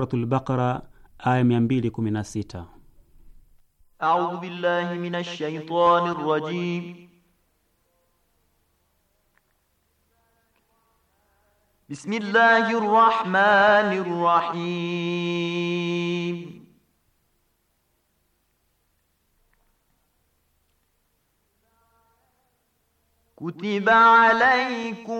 Suratul Baqara aya sita. A'udhu billahi minash shaitani rrajim. بسم الله الرحمن الرحيم كتب عليكم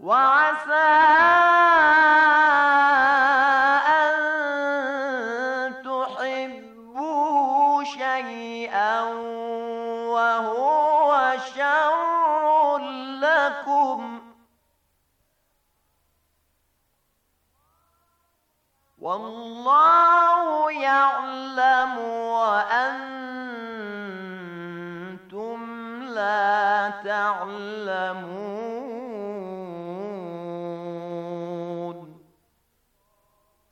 وعسى أن تحبوا شيئا وهو شر لكم والله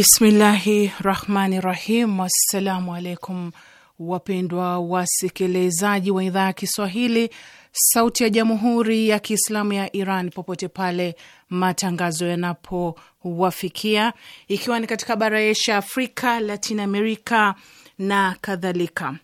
Bismillahi rahmani rahim. Wassalamu alaikum, wapendwa wasikilizaji wa idhaa ya Kiswahili sauti ya jamhuri ya Kiislamu ya Iran, popote pale matangazo yanapowafikia, ikiwa ni katika bara ya Asia, Afrika, Latin Amerika na kadhalika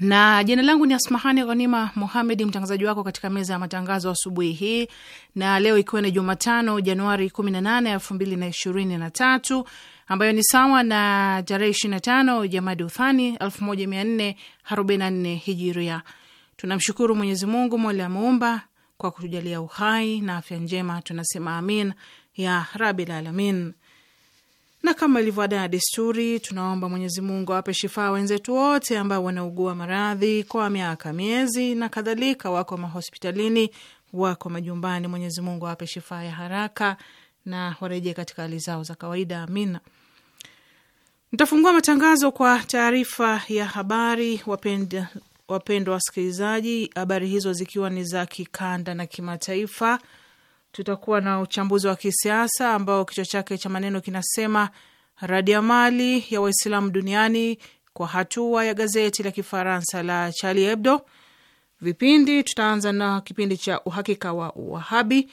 na jina langu ni Asmahani Ghanima Muhamed, mtangazaji wako katika meza ya matangazo asubuhi hii, na leo ikiwa ni Jumatano Januari 18 elfu mbili na ishirini na tatu ambayo ni sawa na tarehe 25 Jamadi Uthani 1444 Hijiria. Tunamshukuru Mwenyezi Mungu mola muumba kwa kutujalia uhai na afya njema, tunasema amin ya rabil alamin na kama ilivyo ada ya desturi, tunaomba Mwenyezi Mungu awape shifaa wenzetu wote ambao wanaugua maradhi kwa miaka, miezi na kadhalika, wako mahospitalini, wako majumbani. Mwenyezi Mungu awape shifaa ya haraka na warejee katika hali zao za kawaida, amina. Nitafungua matangazo kwa taarifa ya habari, wapendwa wasikilizaji, habari hizo zikiwa ni za kikanda na kimataifa tutakuwa na uchambuzi wa kisiasa ambao kichwa chake cha maneno kinasema mali ya Waislamu duniani kwa hatua ya gazeti la Kifaransa la Charlie Hebdo. Vipindi tutaanza na kipindi cha uhakika wa Wahabi,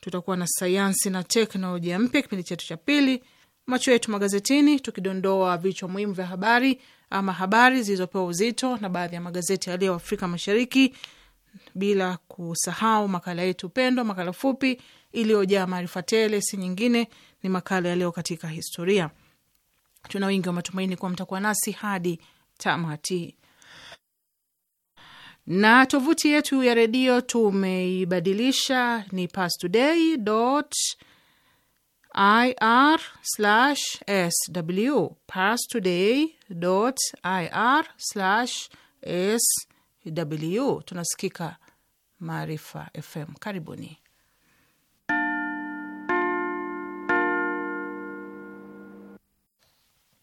tutakuwa na sayansi na teknolojia mpya kipindi chetu cha pili, macho yetu magazetini, tukidondoa vichwa muhimu vya habari ama habari zilizopewa uzito na baadhi ya magazeti yaliyo Afrika Mashariki bila kusahau makala yetu pendwa, makala fupi iliyojaa maarifa tele, si nyingine ni makala ya leo katika historia. Tuna wingi wa matumaini kuwa mtakuwa nasi hadi tamati. Na tovuti yetu ya redio tumeibadilisha, ni pastoday.ir/sw, pastoday.ir/sw DW tunasikika Maarifa FM. Karibuni.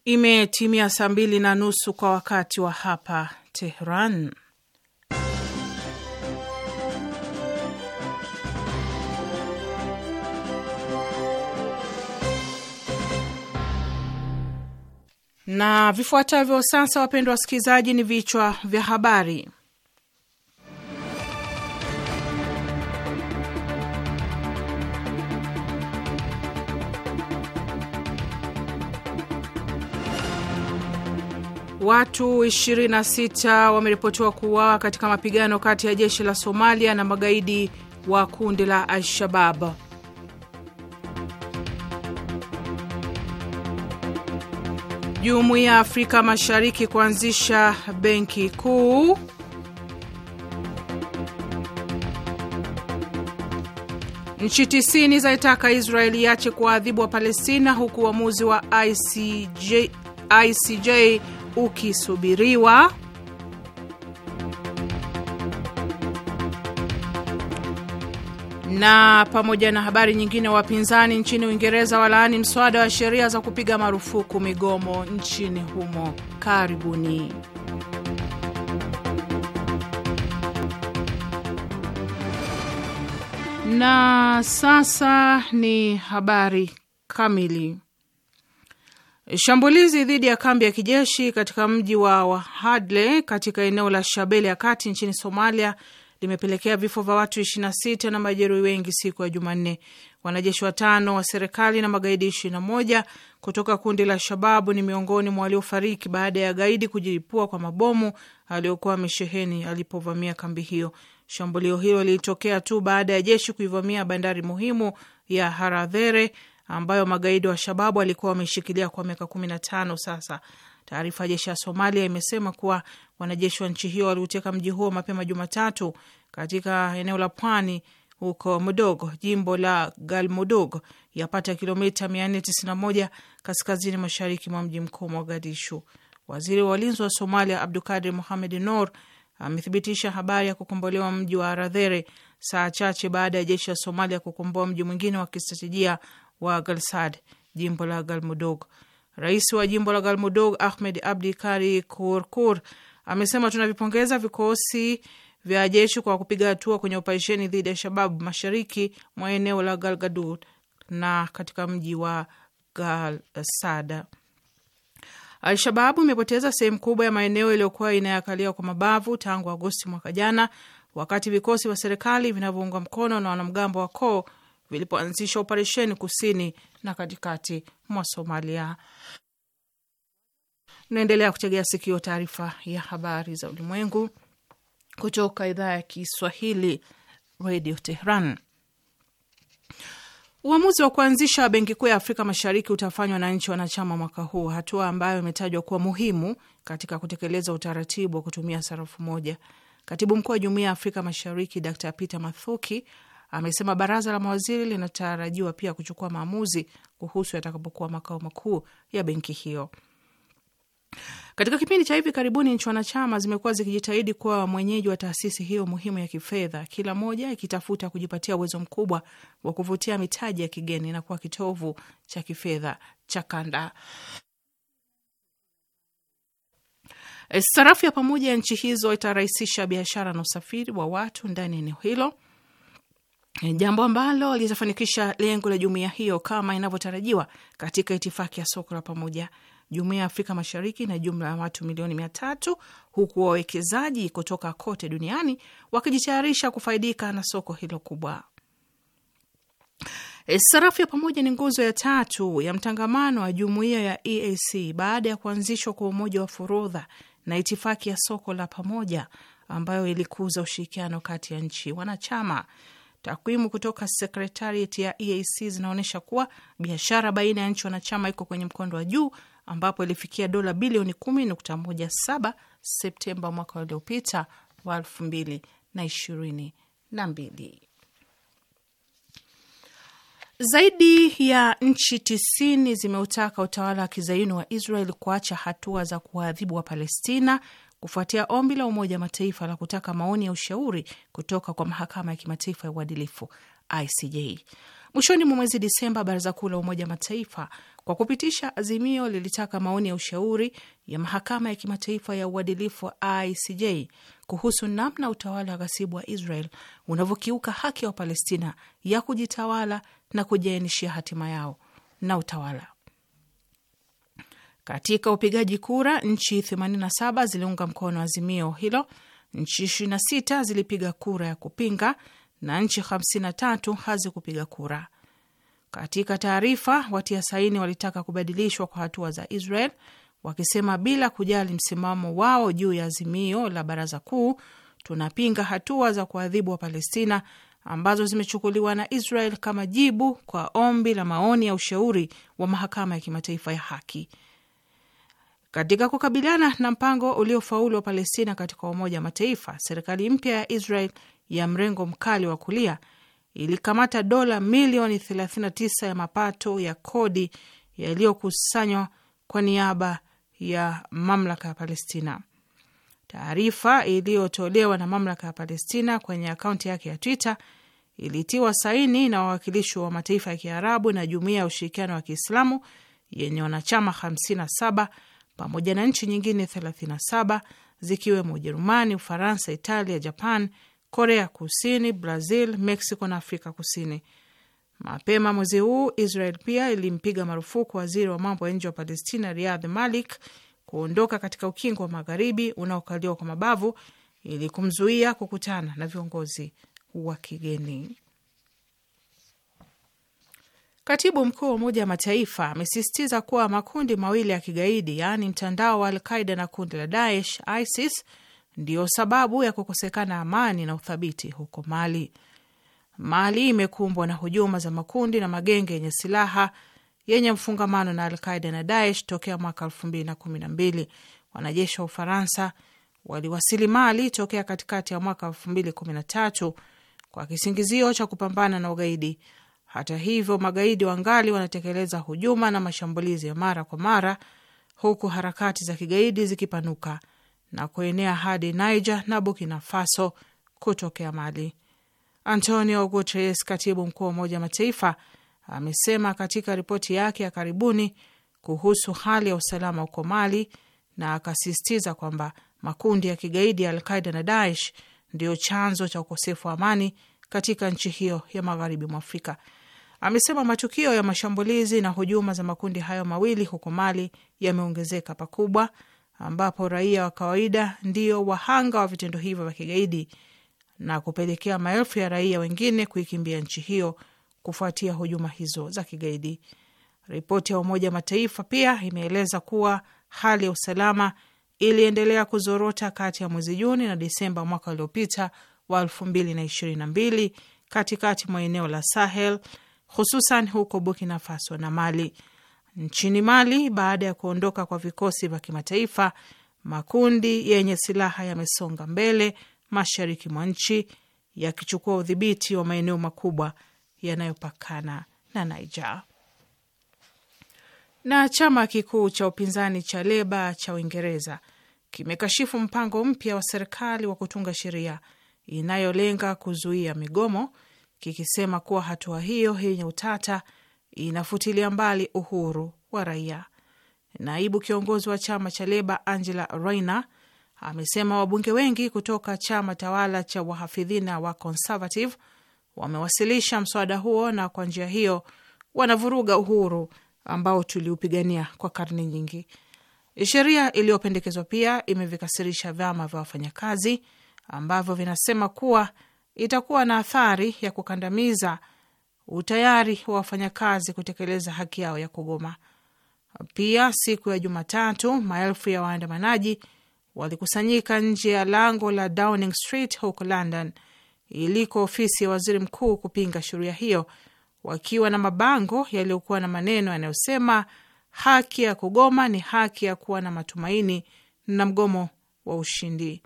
Imetimia saa mbili na nusu kwa wakati wa hapa Tehran. Na vifuatavyo sasa, wapendwa wasikilizaji, ni vichwa vya habari. Watu 26 wameripotiwa kuuawa katika mapigano kati ya jeshi la Somalia na magaidi wa kundi la Al-Shabab. Jumuiya ya Afrika Mashariki kuanzisha benki kuu. Nchi tisini zaitaka Israeli iache kuwaadhibu wa Palestina huku uamuzi wa ICJ, ICJ ukisubiriwa na pamoja na habari nyingine, wapinzani nchini Uingereza walaani mswada wa sheria za kupiga marufuku migomo nchini humo. Karibuni. Na sasa ni habari kamili. Shambulizi dhidi ya kambi ya kijeshi katika mji wa hadle katika eneo la Shabele ya kati nchini Somalia limepelekea vifo vya watu 26 na majeruhi wengi siku ya Jumanne. Wanajeshi watano wa serikali na magaidi 21 kutoka kundi la Shababu ni miongoni mwa waliofariki baada ya gaidi kujilipua kwa mabomu aliyokuwa amesheheni alipovamia kambi hiyo. Shambulio hilo lilitokea tu baada ya jeshi kuivamia bandari muhimu ya Haradhere ambayo magaidi wa Shababu walikuwa wameshikilia kwa miaka kumi na tano sasa. Taarifa ya jeshi ya Somalia imesema kuwa wanajeshi wa nchi hiyo waliuteka mji huo mapema Jumatatu katika eneo la pwani huko Mudog, jimbo la Galmudug, yapata kilomita 491 kaskazini mashariki mwa mji mkuu Mogadishu. Waziri wa ulinzi wa Somalia Abdukadir Mohamed Nor amethibitisha habari ya kukombolewa mji wa Aradhere saa chache baada ya jeshi la Somalia kukomboa mji mwingine wa kistratejia wa Galsad, jimbo la Galmudug. Rais wa jimbo la Galmudug, Ahmed Abdi Kari Kurkur, amesema tunavipongeza vikosi vya jeshi kwa kupiga hatua kwenye operesheni dhidi ya Shababu mashariki mwa eneo la Galgadud na katika mji wa Galsada. Alshababu imepoteza sehemu kubwa ya maeneo yaliyokuwa inayakalia kwa mabavu tangu Agosti mwaka jana, wakati vikosi vya serikali vinavyoungwa mkono na wanamgambo wa koo vilipoanzisha operesheni kusini na katikati mwa Somalia. Naendelea kutegea sikio taarifa ya habari za ulimwengu kutoka idhaa ya Kiswahili Radio Tehran. Uamuzi wa kuanzisha benki kuu ya Afrika Mashariki utafanywa na nchi wanachama mwaka huu, hatua ambayo imetajwa kuwa muhimu katika kutekeleza utaratibu wa kutumia sarafu moja. Katibu mkuu wa jumuiya ya Afrika Mashariki Dr Peter Mathuki amesema baraza la mawaziri linatarajiwa pia kuchukua maamuzi kuhusu yatakapokuwa makao makuu ya benki hiyo. Katika kipindi cha hivi karibuni, nchi wanachama zimekuwa zikijitahidi kuwa mwenyeji wa taasisi hiyo muhimu ya kifedha, kila moja ikitafuta kujipatia uwezo mkubwa wa kuvutia mitaji ya kigeni na kuwa kitovu cha kifedha cha kanda. Sarafu ya pamoja ya nchi hizo itarahisisha biashara na usafiri wa watu ndani ya eneo hilo Eh, jambo ambalo litafanikisha lengo la jumuiya hiyo kama inavyotarajiwa katika itifaki ya soko la pamoja. Jumuiya ya Afrika Mashariki na jumla ya watu milioni mia tatu, huku wawekezaji kutoka kote duniani wakijitayarisha kufaidika na soko hilo kubwa. E, Sarafu ya pamoja ni nguzo ya tatu ya mtangamano wa jumuiya ya EAC baada ya kuanzishwa kwa umoja wa forodha na itifaki ya soko la pamoja ambayo ilikuza ushirikiano kati ya nchi wanachama. Takwimu kutoka sekretariat ya EAC zinaonyesha kuwa biashara baina ya nchi wanachama iko kwenye mkondo wa juu ambapo ilifikia dola bilioni 10.17 Septemba mwaka uliopita wa elfu Zaidi ya nchi tisini zimeutaka utawala wa kizayuni wa Israel kuacha hatua za kuwaadhibu wa Palestina kufuatia ombi la Umoja wa Mataifa la kutaka maoni ya ushauri kutoka kwa mahakama ya kimataifa ya uadilifu ICJ. Mwishoni mwa mwezi Disemba, baraza kuu la Umoja wa Mataifa kwa kupitisha azimio lilitaka maoni ya ushauri ya mahakama ya kimataifa ya uadilifu ICJ kuhusu namna utawala wa ghasibu wa Israel unavyokiuka haki ya Wapalestina ya kujitawala na kujiainishia hatima yao na utawala katika upigaji kura, nchi 87 ziliunga mkono azimio hilo, nchi 26 zilipiga kura ya kupinga na nchi 53 hazikupiga kura. Katika taarifa, watia saini walitaka kubadilishwa kwa hatua za Israel, wakisema bila kujali msimamo wao juu ya azimio la baraza kuu, tunapinga hatua za kuadhibu wa Palestina ambazo zimechukuliwa na Israel kama jibu kwa ombi la maoni ya ushauri wa mahakama ya kimataifa ya haki. Katika kukabiliana na mpango uliofaulu wa Palestina katika Umoja wa Mataifa, serikali mpya ya Israel ya mrengo mkali wa kulia ilikamata dola milioni 39 ya mapato ya kodi yaliyokusanywa kwa niaba ya mamlaka ya Palestina. Taarifa iliyotolewa na mamlaka ya Palestina kwenye akaunti yake ya Twitter ilitiwa saini na wawakilishi wa mataifa ya Kiarabu na Jumuiya ya Ushirikiano wa Kiislamu yenye wanachama 57 pamoja na nchi nyingine 37 zikiwemo Ujerumani, Ufaransa, Italia, Japan, Korea Kusini, Brazil, Mexico na Afrika Kusini. Mapema mwezi huu Israel pia ilimpiga marufuku waziri wa mambo ya nje wa Palestina riadh Malik kuondoka katika ukingo wa magharibi unaokaliwa kwa mabavu ili kumzuia kukutana na viongozi wa kigeni. Katibu mkuu wa Umoja wa Mataifa amesisitiza kuwa makundi mawili ya kigaidi, yaani mtandao wa Alqaida na kundi la Daesh ISIS ndiyo sababu ya kukosekana amani na uthabiti huko Mali. Mali imekumbwa na hujuma za makundi na magenge yenye silaha yenye mfungamano na Alqaida na Daesh tokea mwaka elfu mbili na kumi na mbili. Wanajeshi wa Ufaransa waliwasili Mali tokea katikati ya mwaka elfu mbili kumi na tatu kwa kisingizio cha kupambana na ugaidi hata hivyo, magaidi wangali wanatekeleza hujuma na mashambulizi ya mara kwa mara, huku harakati za kigaidi zikipanuka na kuenea hadi Niger na Burkina Faso kutokea Mali. Antonio Guterres, katibu mkuu wa Umoja wa Mataifa, amesema katika ripoti yake ya karibuni kuhusu hali ya usalama huko Mali, na akasisitiza kwamba makundi ya kigaidi ya Alqaida na Daesh ndiyo chanzo cha ukosefu wa amani katika nchi hiyo ya magharibi mwa Afrika amesema matukio ya mashambulizi na hujuma za makundi hayo mawili huko Mali yameongezeka pakubwa, ambapo raia wa kawaida ndio wahanga wa vitendo hivyo vya kigaidi na kupelekea maelfu ya raia wengine kuikimbia nchi hiyo kufuatia hujuma hizo za kigaidi. Ripoti ya Umoja wa Mataifa pia imeeleza kuwa hali ya usalama iliendelea kuzorota kati ya mwezi Juni na Disemba mwaka uliopita wa 222 katikati mwa eneo la Sahel hususan huko Burkina Faso na Mali. Nchini Mali, baada ya kuondoka kwa vikosi vya kimataifa, makundi yenye silaha yamesonga mbele mashariki mwa nchi yakichukua udhibiti wa maeneo makubwa yanayopakana na Niger. Na chama kikuu cha upinzani cha Leba cha Uingereza kimekashifu mpango mpya wa serikali wa kutunga sheria inayolenga kuzuia migomo kikisema kuwa hatua hiyo yenye utata inafutilia mbali uhuru wa raia. Naibu kiongozi wa chama cha Leba Angela Rayner amesema wabunge wengi kutoka chama tawala cha wahafidhina wa Conservative wamewasilisha mswada huo na kwa njia hiyo wanavuruga uhuru ambao tuliupigania kwa karne nyingi. Sheria iliyopendekezwa pia imevikasirisha vyama vya wafanyakazi ambavyo vinasema kuwa itakuwa na athari ya kukandamiza utayari wa wafanyakazi kutekeleza haki yao ya kugoma. Pia siku ya Jumatatu, maelfu ya waandamanaji walikusanyika nje ya lango la Downing Street huko London, iliko ofisi ya waziri mkuu, kupinga sheria hiyo, wakiwa na mabango yaliyokuwa na maneno yanayosema haki ya kugoma ni haki ya kuwa na matumaini na mgomo wa ushindi.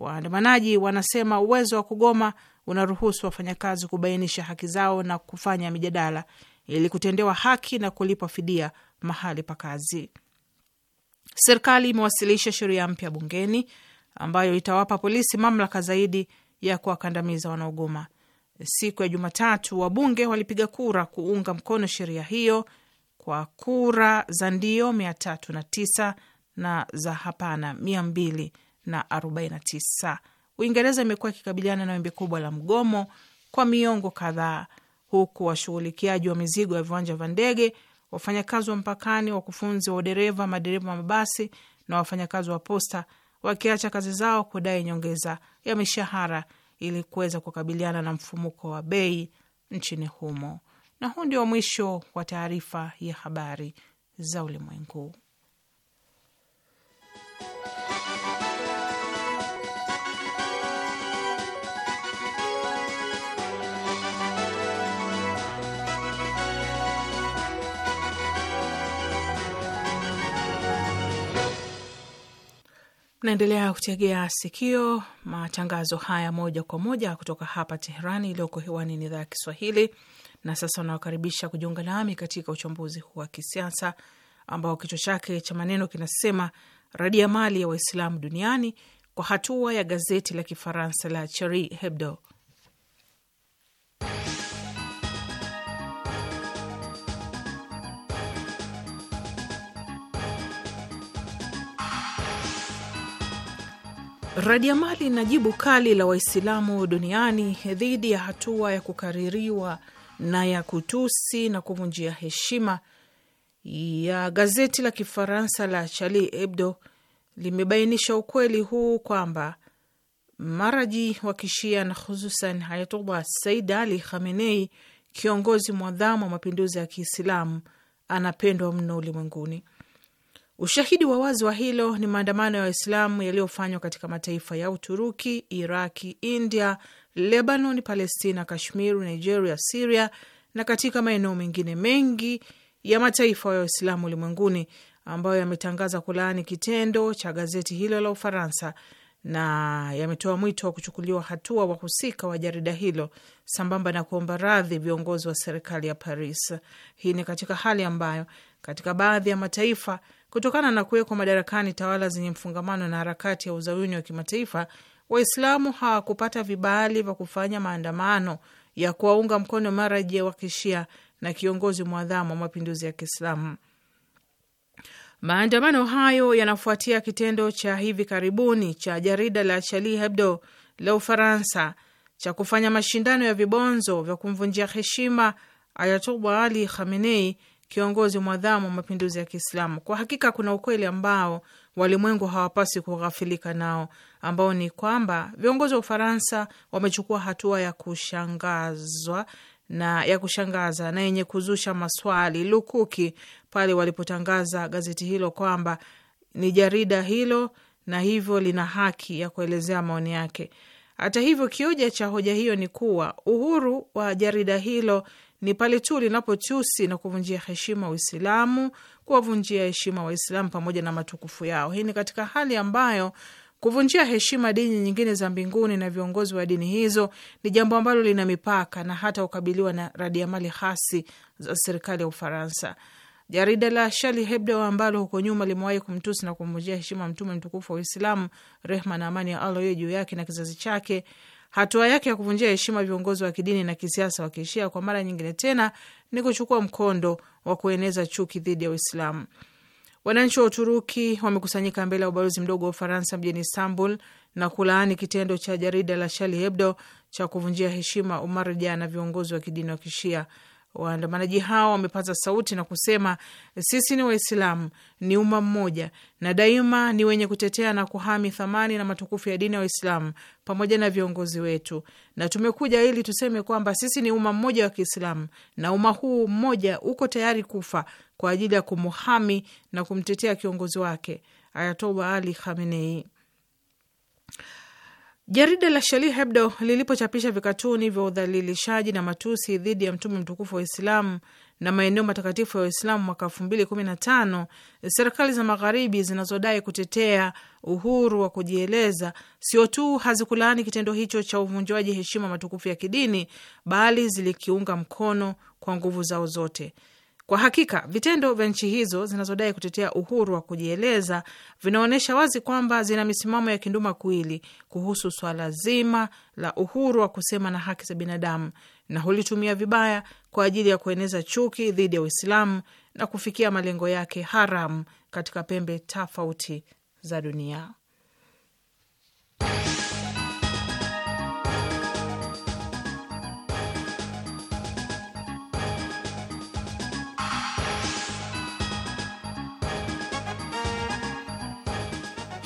Waandamanaji wanasema uwezo wa kugoma unaruhusu wafanyakazi kubainisha haki zao na kufanya mijadala ili kutendewa haki na kulipwa fidia mahali pa kazi. Serikali imewasilisha sheria mpya bungeni ambayo itawapa polisi mamlaka zaidi ya kuwakandamiza wanaogoma. Siku ya Jumatatu, wabunge walipiga kura kuunga mkono sheria hiyo kwa kura za ndio mia tatu na tisa na za hapana mia mbili na 49. Uingereza imekuwa ikikabiliana na wimbi kubwa la mgomo kwa miongo kadhaa, huku washughulikiaji wa mizigo ya viwanja vya ndege, wafanyakazi wa mpakani, wakufunzi wa udereva, madereva wa mabasi na wafanyakazi wa posta wakiacha kazi zao kudai nyongeza ya mishahara ili kuweza kukabiliana na mfumuko wa bei nchini humo. Na huu ndio mwisho wa taarifa ya habari za ulimwengu. Naendelea kutegea sikio matangazo haya moja kwa moja kutoka hapa Teherani, iliyoko hewani ni idhaa ya Kiswahili. Na sasa nawakaribisha kujiunga nami katika uchambuzi huu wa kisiasa ambao kichwa chake cha maneno kinasema radi ya mali ya Waislamu duniani, kwa hatua ya gazeti la Kifaransa la cheri Hebdo. Radiamali na jibu kali la Waislamu duniani dhidi ya hatua ya kukaririwa na ya kutusi na kuvunjia heshima ya gazeti la Kifaransa la Charlie Hebdo limebainisha ukweli huu kwamba maraji wa kishia na hususan Hayatullah Said Ali Khamenei, kiongozi mwadhamu wa mapinduzi ya Kiislamu, anapendwa mno ulimwenguni. Ushahidi wa wazi wa hilo ni maandamano ya Waislamu yaliyofanywa katika mataifa ya Uturuki, Iraki, India, Lebanon, Palestina, Kashmir, Nigeria, Siria na katika maeneo mengine mengi ya mataifa ya Waislamu ulimwenguni ambayo yametangaza kulaani kitendo cha gazeti hilo la Ufaransa na yametoa mwito wa kuchukuliwa hatua wahusika wa jarida hilo sambamba na kuomba radhi viongozi wa serikali ya Paris. Hii ni katika hali ambayo katika baadhi ya mataifa Kutokana na kuwekwa madarakani tawala zenye mfungamano na harakati ya uzayuni wa kimataifa, Waislamu hawakupata vibali vya kufanya maandamano ya kuwaunga mkono maraji wa kishia na kiongozi mwadhamu wa mapinduzi ya Kiislamu. Maandamano hayo yanafuatia kitendo cha hivi karibuni cha jarida la Charlie Hebdo la Ufaransa cha kufanya mashindano ya vibonzo vya kumvunjia heshima Ayatollah Ali Khamenei kiongozi mwadhamu wa mapinduzi ya Kiislamu. Kwa hakika kuna ukweli ambao walimwengu hawapasi kughafilika nao, ambao ni kwamba viongozi wa Ufaransa wamechukua hatua ya kushangazwa na ya kushangaza na yenye kuzusha maswali lukuki pale walipotangaza gazeti hilo kwamba ni jarida hilo na hivyo lina haki ya kuelezea maoni yake. Hata hivyo, kioja cha hoja hiyo ni kuwa uhuru wa jarida hilo ni pale tu linapochusi na kuvunjia heshima Uislamu, kuwavunjia heshima Waislamu pamoja na matukufu yao. Hii ni katika hali ambayo kuvunjia heshima dini nyingine za mbinguni na viongozi wa dini hizo ni jambo ambalo lina mipaka na hata hukabiliwa na radiamali hasi za serikali ya Ufaransa. Jarida la Shali Hebdo ambalo huko nyuma limewahi kumtusi na kumvunjia heshima mtume mtukufu wa Uislamu, rehma na amani ya Allah iwe juu yake na kizazi chake, Hatua yake ya kuvunjia heshima viongozi wa kidini na kisiasa wa kishia kwa mara nyingine tena ni kuchukua mkondo wa kueneza chuki dhidi ya Uislamu. Wananchi wa Uturuki wamekusanyika mbele ya ubalozi mdogo wa Ufaransa mjini Istanbul na kulaani kitendo cha jarida la Charlie Hebdo cha kuvunjia heshima umarja na viongozi wa kidini wa kishia Waandamanaji hao wamepaza sauti na kusema, sisi ni Waislamu, ni umma mmoja, na daima ni wenye kutetea na kuhami thamani na matukufu ya dini ya Waislamu pamoja na viongozi wetu, na tumekuja ili tuseme kwamba sisi ni umma mmoja wa Kiislamu na umma huu mmoja uko tayari kufa kwa ajili ya kumuhami na kumtetea kiongozi wake Ayatoba Ali Khamenei. Jarida la Shali Hebdo lilipochapisha vikatuni vya udhalilishaji na matusi dhidi ya mtume mtukufu wa Uislamu na maeneo matakatifu ya Waislamu mwaka elfu mbili kumi na tano, serikali za magharibi zinazodai kutetea uhuru wa kujieleza sio tu hazikulaani kitendo hicho cha uvunjwaji heshima matukufu ya kidini, bali zilikiunga mkono kwa nguvu zao zote. Kwa hakika vitendo vya nchi hizo zinazodai kutetea uhuru wa kujieleza vinaonyesha wazi kwamba zina misimamo ya kinduma kuili kuhusu swala zima la uhuru wa kusema na haki za binadamu, na hulitumia vibaya kwa ajili ya kueneza chuki dhidi ya Uislamu na kufikia malengo yake haramu katika pembe tofauti za dunia.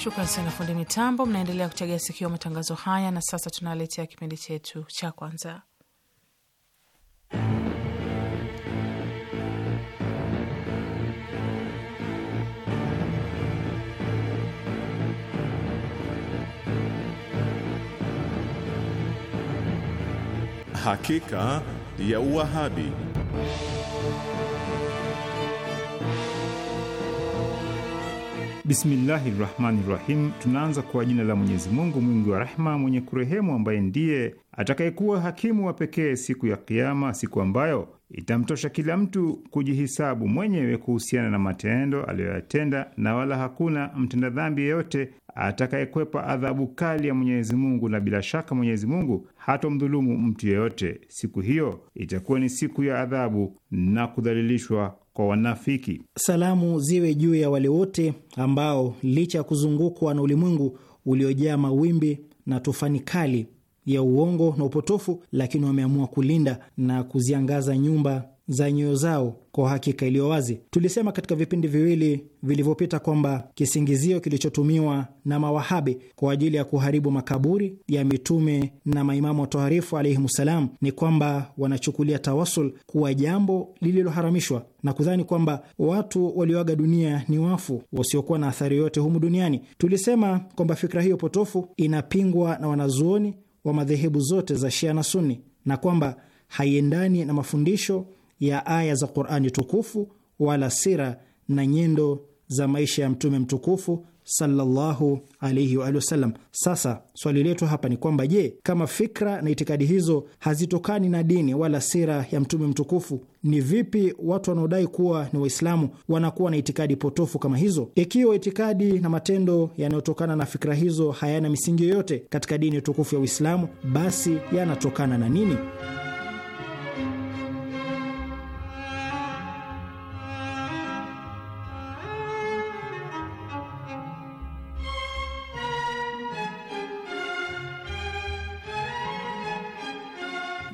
Shukran sana fundi mitambo. Mnaendelea kutegea sikio matangazo haya, na sasa tunaletea kipindi chetu cha kwanza, hakika ya Uwahabi. Bismillahi rahmani rahim. Tunaanza kwa jina la Mwenyezi Mungu mwingi wa rehma, mwenye kurehemu, ambaye ndiye atakayekuwa hakimu wa pekee siku ya Kiama, siku ambayo itamtosha kila mtu kujihisabu mwenyewe kuhusiana na matendo aliyoyatenda, na wala hakuna mtenda dhambi yeyote atakayekwepa adhabu kali ya Mwenyezi Mungu, na bila shaka Mwenyezi Mungu hatomdhulumu mtu yeyote. Siku hiyo itakuwa ni siku ya adhabu na kudhalilishwa kwa wanafiki. Salamu ziwe juu ya wale wote ambao licha ya kuzungukwa na ulimwengu uliojaa mawimbi na tufani kali ya uongo na upotofu, lakini wameamua kulinda na kuziangaza nyumba za nyoyo zao kwa hakika iliyo wazi. Tulisema katika vipindi viwili vilivyopita kwamba kisingizio kilichotumiwa na mawahabi kwa ajili ya kuharibu makaburi ya mitume na maimamu watoharifu alaihimussalam ni kwamba wanachukulia tawasul kuwa jambo lililoharamishwa na kudhani kwamba watu walioaga dunia ni wafu wasiokuwa na athari yote humu duniani. Tulisema kwamba fikra hiyo potofu inapingwa na wanazuoni wa madhehebu zote za Shia na Sunni na kwamba haiendani na mafundisho ya aya za Qur'ani tukufu wala sira na nyendo za maisha ya mtume mtukufu sallallahu alayhi wa sallam. Sasa swali letu hapa ni kwamba je, kama fikra na itikadi hizo hazitokani na dini wala sira ya mtume mtukufu, ni vipi watu wanaodai kuwa ni Waislamu wanakuwa na itikadi potofu kama hizo? Ikiwa itikadi na matendo yanayotokana na fikra hizo hayana misingi yoyote katika dini tukufu ya Uislamu, basi yanatokana na nini?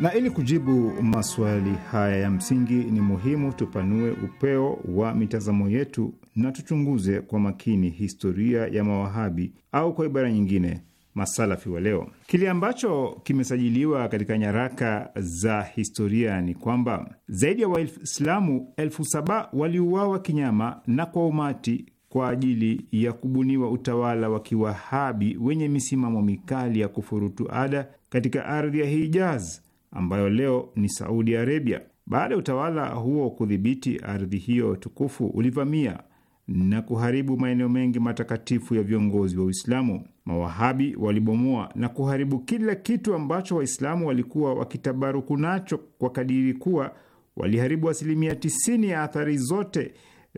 Na ili kujibu maswali haya ya msingi, ni muhimu tupanue upeo wa mitazamo yetu na tuchunguze kwa makini historia ya Mawahabi au kwa ibara nyingine masalafi wa leo. Kile ambacho kimesajiliwa katika nyaraka za historia ni kwamba zaidi ya Waislamu elfu saba waliuawa kinyama na kwa umati kwa ajili ya kubuniwa utawala wa Kiwahabi wenye misimamo mikali ya kufurutu ada katika ardhi ya Hijaz ambayo leo ni Saudi Arabia. Baada ya utawala huo kudhibiti ardhi hiyo tukufu, ulivamia na kuharibu maeneo mengi matakatifu ya viongozi wa Uislamu. Mawahabi walibomoa na kuharibu kila kitu ambacho Waislamu walikuwa wakitabaruku nacho, kwa kadiri kuwa waliharibu asilimia ts0 ya athari zote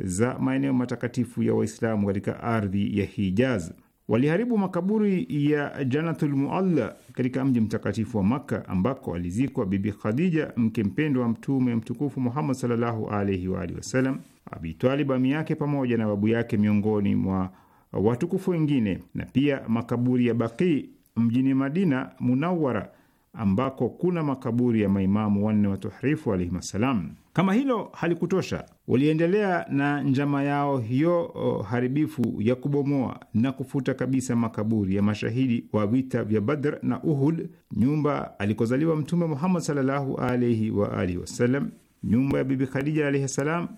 za maeneo matakatifu ya Waislamu katika ardhi ya Hijaz. Waliharibu makaburi ya Janatul Mualla katika mji mtakatifu wa Makka ambako alizikwa Bibi Khadija, mke mpendwa wa Mtume mtukufu Muhammad sallallahu alaihi wa alihi wasallam, Abi Talib ami yake pamoja na babu yake, miongoni mwa watukufu wengine, na pia makaburi ya Baqi mjini Madina munawara ambako kuna makaburi ya maimamu wanne watuharifu alaihim assalam. Kama hilo halikutosha, waliendelea na njama yao hiyo haribifu ya kubomoa na kufuta kabisa makaburi ya mashahidi wa vita vya Badr na Uhud, nyumba alikozaliwa Mtume Muhammad sallallahu alaihi wa alihi wasallam, nyumba ya Bibi Khadija alaihi salam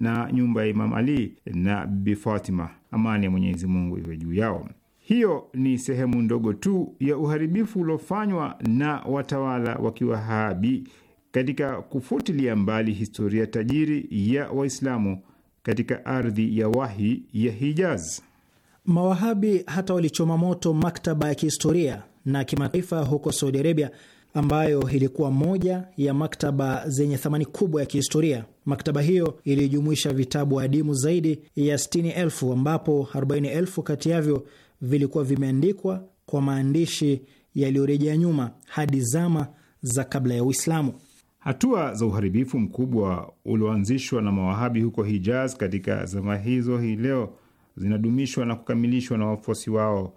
na nyumba ya Imam Ali na Bibi Fatima, amani ya Mwenyezi Mungu iwe juu yao. Hiyo ni sehemu ndogo tu ya uharibifu uliofanywa na watawala wa kiwahabi katika kufutilia mbali historia tajiri ya Waislamu katika ardhi ya wahi ya Hijaz. Mawahabi hata walichoma moto maktaba ya kihistoria na kimataifa huko Saudi Arabia, ambayo ilikuwa moja ya maktaba zenye thamani kubwa ya kihistoria. Maktaba hiyo ilijumuisha vitabu adimu zaidi ya elfu ambapo elfu kati yavyo vilikuwa vimeandikwa kwa maandishi yaliyorejea nyuma hadi zama za kabla ya Uislamu. Hatua za uharibifu mkubwa ulioanzishwa na mawahabi huko Hijaz katika zama hizo hii leo zinadumishwa na kukamilishwa na wafuasi wao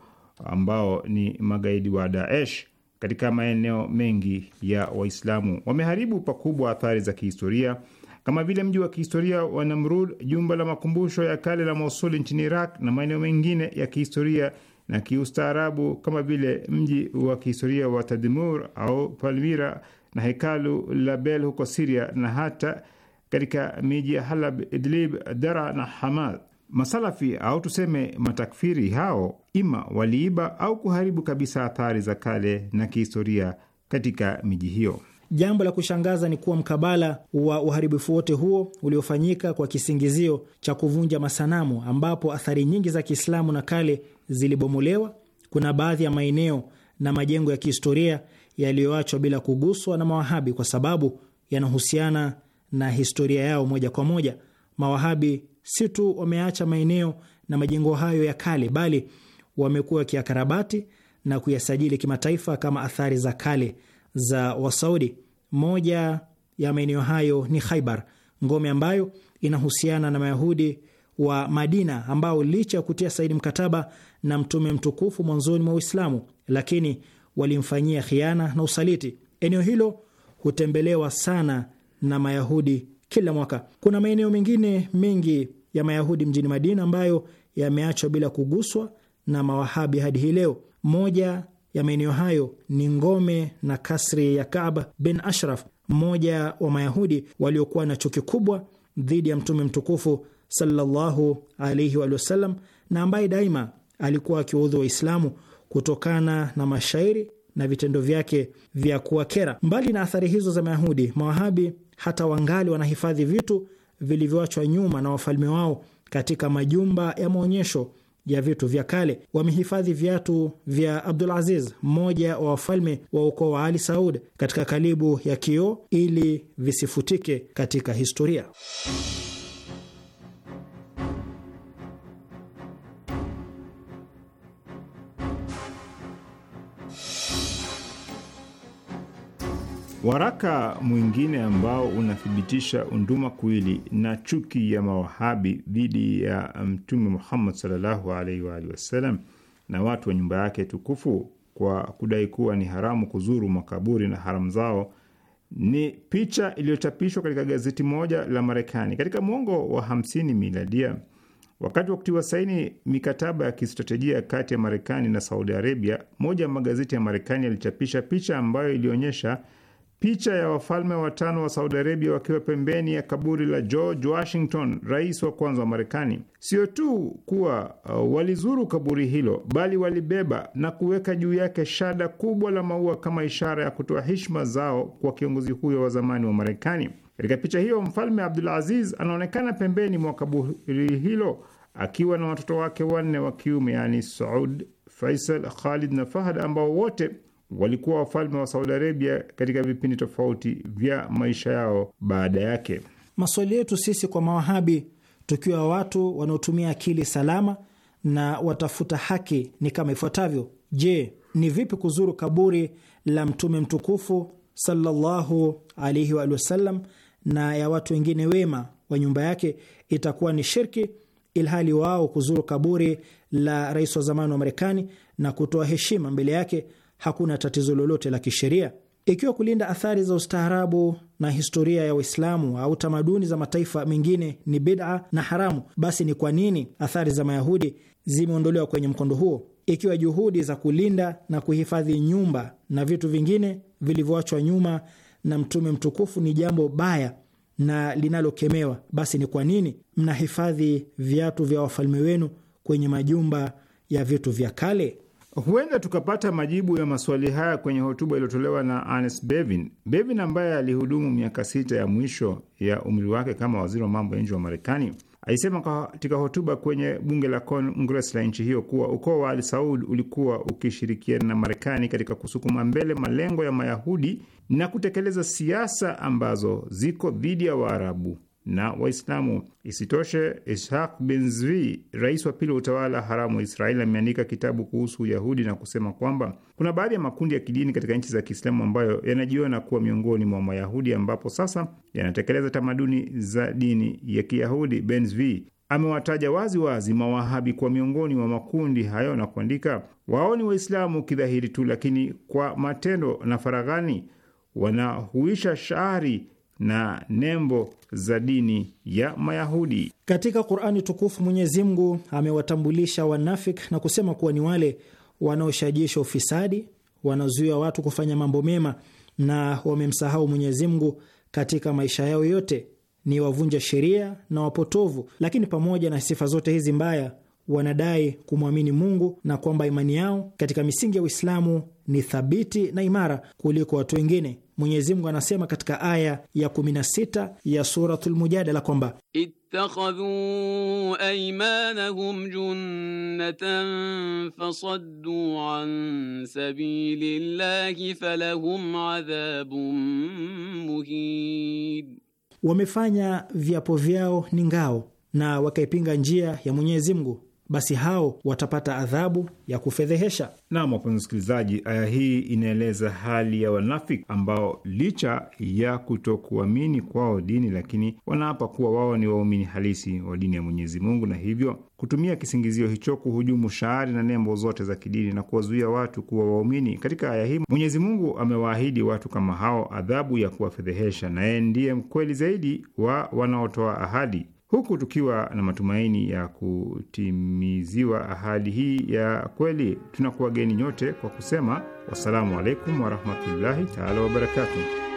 ambao ni magaidi wa Daesh katika maeneo mengi ya Waislamu. Wameharibu pakubwa athari za kihistoria kama vile mji wa kihistoria wa Namrud, jumba la makumbusho ya kale la Mosuli nchini Iraq na maeneo mengine ya kihistoria na kiustaarabu kama vile mji wa kihistoria wa Tadmur au Palmira na hekalu la Bel huko Siria na hata katika miji ya Halab, Idlib, Dara na Hamad. Masalafi au tuseme matakfiri hao ima waliiba au kuharibu kabisa athari za kale na kihistoria katika miji hiyo. Jambo la kushangaza ni kuwa mkabala wa uharibifu wote huo uliofanyika kwa kisingizio cha kuvunja masanamu, ambapo athari nyingi za Kiislamu na kale zilibomolewa. Kuna baadhi ya maeneo na majengo ya kihistoria yaliyoachwa bila kuguswa na mawahabi kwa sababu yanahusiana na historia yao moja kwa moja. Mawahabi si tu wameacha maeneo na majengo hayo ya kale, bali wamekuwa wakiyakarabati na kuyasajili kimataifa kama athari za kale za Wasaudi. Moja ya maeneo hayo ni Khaibar, ngome ambayo inahusiana na Mayahudi wa Madina ambao licha ya kutia saini mkataba na mtume mtukufu mwanzoni mwa Uislamu, lakini walimfanyia khiana na usaliti. Eneo hilo hutembelewa sana na Mayahudi kila mwaka. Kuna maeneo mengine mengi ya Mayahudi mjini Madina ambayo yameachwa bila kuguswa na Mawahabi hadi hii leo. Moja ya maeneo hayo ni ngome na kasri ya Kaab bin Ashraf, mmoja wa Mayahudi waliokuwa na chuki kubwa dhidi ya Mtume mtukufu sallallahu alaihi wa na ambaye daima alikuwa akiwaudhi Waislamu kutokana na mashairi na vitendo vyake vya kuwakera. Mbali na athari hizo za Mayahudi, Mawahabi hata wangali wanahifadhi vitu vilivyoachwa nyuma na wafalme wao katika majumba ya maonyesho ya vitu vya kale. Wamehifadhi viatu vya Abdulaziz, mmoja wa wafalme wa ukoo wa Ali Saud, katika kalibu ya kioo ili visifutike katika historia. Waraka mwingine ambao unathibitisha unduma kuili na chuki ya mawahabi dhidi ya Mtume Muhammad sallallahu alaihi wa alihi wasallam na watu wa nyumba yake tukufu kwa kudai kuwa ni haramu kuzuru makaburi na haramu zao ni picha iliyochapishwa katika gazeti moja la Marekani katika mwongo wa hamsini miladia, wakati wa kutiwa saini mikataba ya kistratejia kati ya Marekani na Saudi Arabia. Moja ya magazeti ya Marekani yalichapisha picha ambayo ilionyesha picha ya wafalme watano wa Saudi Arabia wakiwa pembeni ya kaburi la George Washington, rais wa kwanza wa Marekani. Sio tu kuwa uh, walizuru kaburi hilo, bali walibeba na kuweka juu yake shada kubwa la maua kama ishara ya kutoa heshima zao kwa kiongozi huyo wa zamani wa Marekani. Katika picha hiyo, mfalme Abdul Aziz anaonekana pembeni mwa kaburi hilo akiwa na watoto wake wanne wa kiume, yaani Saud, Faisal, Khalid na Fahad, ambao wote walikuwa wafalme wa Saudi Arabia katika vipindi tofauti vya maisha yao baada yake. Maswali yetu sisi kwa mawahabi, tukiwa watu wanaotumia akili salama na watafuta haki ni kama ifuatavyo: Je, ni vipi kuzuru kaburi la Mtume mtukufu sallallahu alaihi wa wasallam na ya watu wengine wema wa nyumba yake itakuwa ni shirki, ilhali wao kuzuru kaburi la rais wa zamani wa Marekani na kutoa heshima mbele yake hakuna tatizo lolote la kisheria. Ikiwa kulinda athari za ustaarabu na historia ya Waislamu au tamaduni za mataifa mengine ni bid'a na haramu, basi ni kwa nini athari za Mayahudi zimeondolewa kwenye mkondo huo? Ikiwa juhudi za kulinda na kuhifadhi nyumba na vitu vingine vilivyoachwa nyuma na Mtume mtukufu ni jambo baya na linalokemewa, basi ni kwa nini mnahifadhi viatu vya wafalme wenu kwenye majumba ya vitu vya kale? Huenda tukapata majibu ya maswali haya kwenye hotuba iliyotolewa na Ernest Bevin. Bevin ambaye alihudumu miaka sita ya mwisho ya umri wake kama waziri wa mambo ya nje wa Marekani alisema katika hotuba kwenye bunge la Kongres la nchi hiyo kuwa ukoo wa Al Saud ulikuwa ukishirikiana na Marekani katika kusukuma mbele malengo ya Mayahudi na kutekeleza siasa ambazo ziko dhidi ya Waarabu na Waislamu. Isitoshe, Ishaq bin Zvi, rais wa pili wa utawala haramu wa Israeli, ameandika kitabu kuhusu Uyahudi na kusema kwamba kuna baadhi ya makundi ya kidini katika nchi za Kiislamu ambayo yanajiona kuwa miongoni mwa Wayahudi, ambapo sasa yanatekeleza tamaduni za dini ya Kiyahudi. Ben Zvi amewataja wazi wazi mawahabi kwa miongoni mwa makundi hayo na kuandika, wao ni Waislamu kidhahiri tu, lakini kwa matendo na faraghani wanahuisha shaari na nembo za dini ya Mayahudi. Katika Qurani tukufu Mwenyezi Mungu amewatambulisha wanafik na kusema kuwa ni wale wanaoshajisha ufisadi, wanazuia watu kufanya mambo mema na wamemsahau Mwenyezi Mungu katika maisha yao yote, ni wavunja sheria na wapotovu. Lakini pamoja na sifa zote hizi mbaya, wanadai kumwamini Mungu na kwamba imani yao katika misingi ya Uislamu ni thabiti na imara kuliko watu wengine. Mwenyezi Mungu anasema katika aya ya 16 ya Suratul Mujadala kwamba ittakhadhu aymanahum junnatan fasaddu an sabilillahi falahum adhabun muhin, wamefanya viapo vyao ni ngao na wakaipinga njia ya Mwenyezi Mungu basi hao watapata adhabu ya kufedhehesha. Naam, wapenzi msikilizaji, aya hii inaeleza hali ya wanafiki ambao licha ya kutokuamini kwao dini, lakini wanaapa kuwa wao ni waumini halisi wa dini ya Mwenyezi Mungu, na hivyo kutumia kisingizio hicho kuhujumu shaari na nembo zote za kidini na kuwazuia watu kuwa waumini. Katika aya hii Mwenyezi Mungu amewaahidi watu kama hao adhabu ya kuwafedhehesha, na yeye ndiye mkweli zaidi wa wanaotoa ahadi huku tukiwa na matumaini ya kutimiziwa ahadi hii ya kweli, tunakuwa geni nyote kwa kusema wassalamu alaikum warahmatullahi taala wabarakatuh.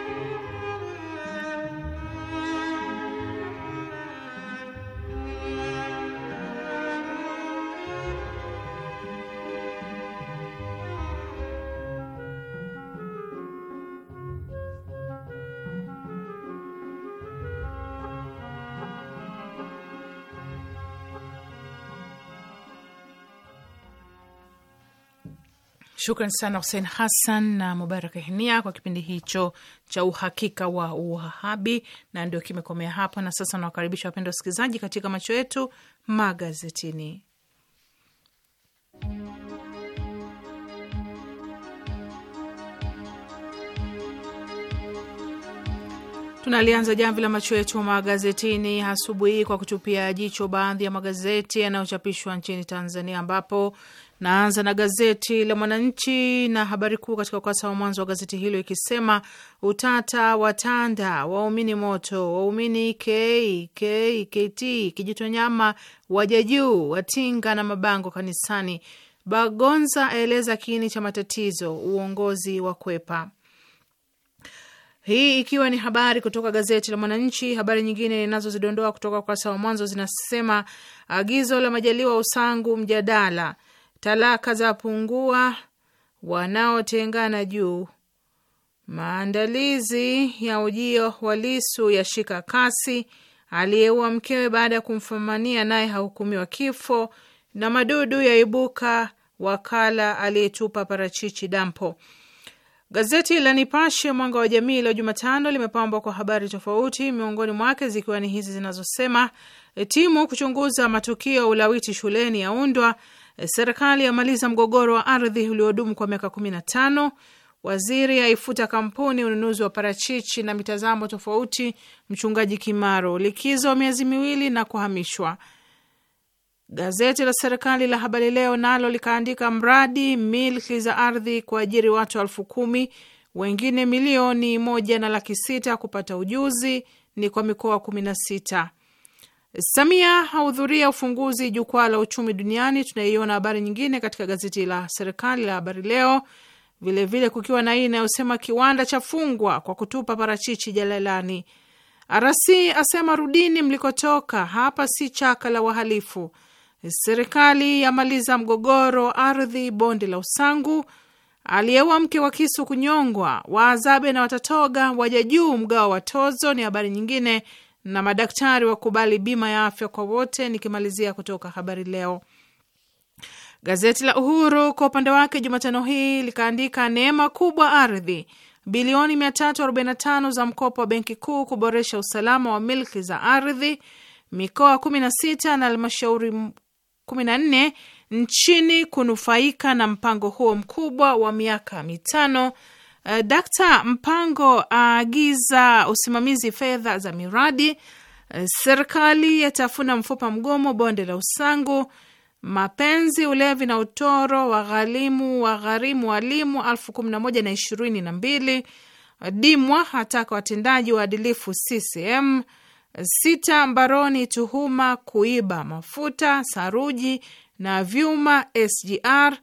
Shukran sana Husein Hassan na Mubarak Hinia kwa kipindi hicho cha uhakika wa uwahabi, na ndio kimekomea hapa. Na sasa nawakaribisha wapendwa wasikilizaji katika macho yetu magazetini. Tunalianza jamvi la macho yetu magazetini asubuhi kwa kutupia jicho baadhi ya magazeti yanayochapishwa nchini Tanzania, ambapo Naanza na gazeti la Mwananchi na habari kuu katika ukurasa wa mwanzo wa gazeti hilo ikisema utata watanda, waumini moto, waumini KKKT Kijitonyama waja juu, watinga na mabango kanisani. Bagonza aeleza kiini cha matatizo, uongozi wa kwepa hii ikiwa ni habari kutoka gazeti la Mwananchi. Habari nyingine ninazozidondoa kutoka ukurasa wa mwanzo zinasema agizo la Majaliwa Usangu mjadala talaka za pungua, wanaotengana juu. Maandalizi ya ujio wa Lisu ya shika kasi, aliyeua mkewe baada ya kumfumania naye hahukumiwa kifo, na madudu yaibuka wakala aliyetupa parachichi dampo. Gazeti la Nipashe Mwanga wa Jamii leo Jumatano limepambwa kwa habari tofauti, miongoni mwake zikiwa ni hizi zinazosema: timu kuchunguza matukio ulawiti shuleni yaundwa, Serikali yamaliza mgogoro wa ardhi uliodumu kwa miaka kumi na tano Waziri aifuta kampuni ununuzi wa parachichi na mitazamo tofauti. Mchungaji Kimaro likizo miezi miwili na kuhamishwa. Gazeti la serikali la Habari Leo nalo likaandika mradi milki za ardhi kuajiri watu elfu kumi wengine milioni moja na laki sita kupata ujuzi ni kwa mikoa kumi na sita. Samia hahudhuria ufunguzi jukwaa la uchumi duniani. Tunaiona habari nyingine katika gazeti la serikali la Habari Leo, vilevile vile kukiwa na hii inayosema kiwanda cha fungwa kwa kutupa parachichi jalalani. RC asema rudini mlikotoka, hapa si chaka la wahalifu. Serikali yamaliza mgogoro ardhi bonde la Usangu. Aliyeua mke wa kisu kunyongwa, Waazabe na Watatoga waja juu mgao wa tozo, ni habari nyingine na madaktari wakubali bima ya afya kwa wote. Nikimalizia kutoka habari leo, gazeti la Uhuru kwa upande wake Jumatano hii likaandika neema kubwa ardhi bilioni 345 za mkopo wa benki kuu kuboresha usalama wa milki za ardhi mikoa 16 na halmashauri 14 nchini kunufaika na mpango huo mkubwa wa miaka mitano Eh, Dakta Mpango aagiza usimamizi fedha za miradi. Eh, serikali yatafuna mfupa mgomo bonde la Usangu. Mapenzi, ulevi na utoro waghalimu wagharimu walimu elfu kumi na moja na ishirini na mbili. Dimwa hataka watendaji waadilifu CCM. Sita mbaroni tuhuma kuiba mafuta, saruji na vyuma SGR.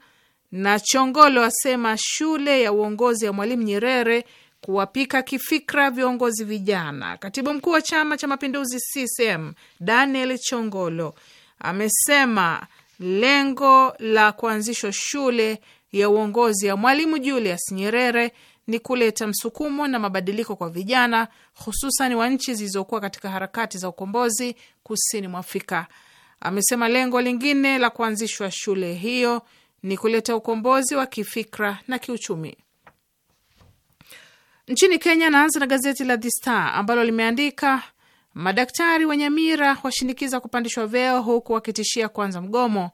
Na Chongolo asema shule ya uongozi ya Mwalimu Nyerere kuwapika kifikra viongozi vijana. Katibu mkuu wa Chama cha Mapinduzi CCM Daniel Chongolo amesema lengo la kuanzishwa shule ya uongozi ya Mwalimu Julius Nyerere ni kuleta msukumo na mabadiliko kwa vijana, hususan wa nchi zilizokuwa katika harakati za ukombozi kusini mwa Afrika. Amesema lengo lingine la kuanzishwa shule hiyo ni kuleta ukombozi wa kifikra na kiuchumi. Nchini Kenya, naanza na gazeti la The Star ambalo limeandika madaktari wenye mira washinikiza kupandishwa vyeo huku wakitishia kuanza mgomo.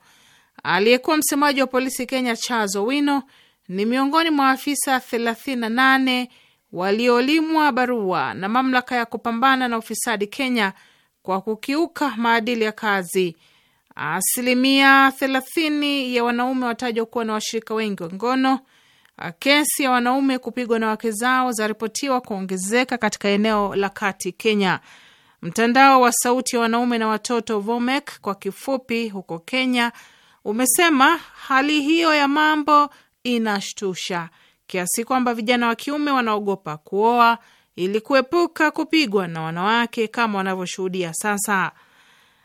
Aliyekuwa msemaji wa polisi Kenya Charles Owino ni miongoni mwa afisa 38 waliolimwa barua na mamlaka ya kupambana na ufisadi Kenya kwa kukiuka maadili ya kazi Asilimia thelathini ya wanaume watajwa kuwa na washirika wengi wa ngono. Ah, kesi ya wanaume kupigwa na wake zao zaripotiwa kuongezeka katika eneo la kati Kenya. Mtandao wa sauti ya wanaume na watoto VOMEC kwa kifupi, huko Kenya umesema hali hiyo ya mambo inashtusha kiasi kwamba vijana wa kiume wanaogopa kuoa ili kuepuka kupigwa na wanawake kama wanavyoshuhudia sasa.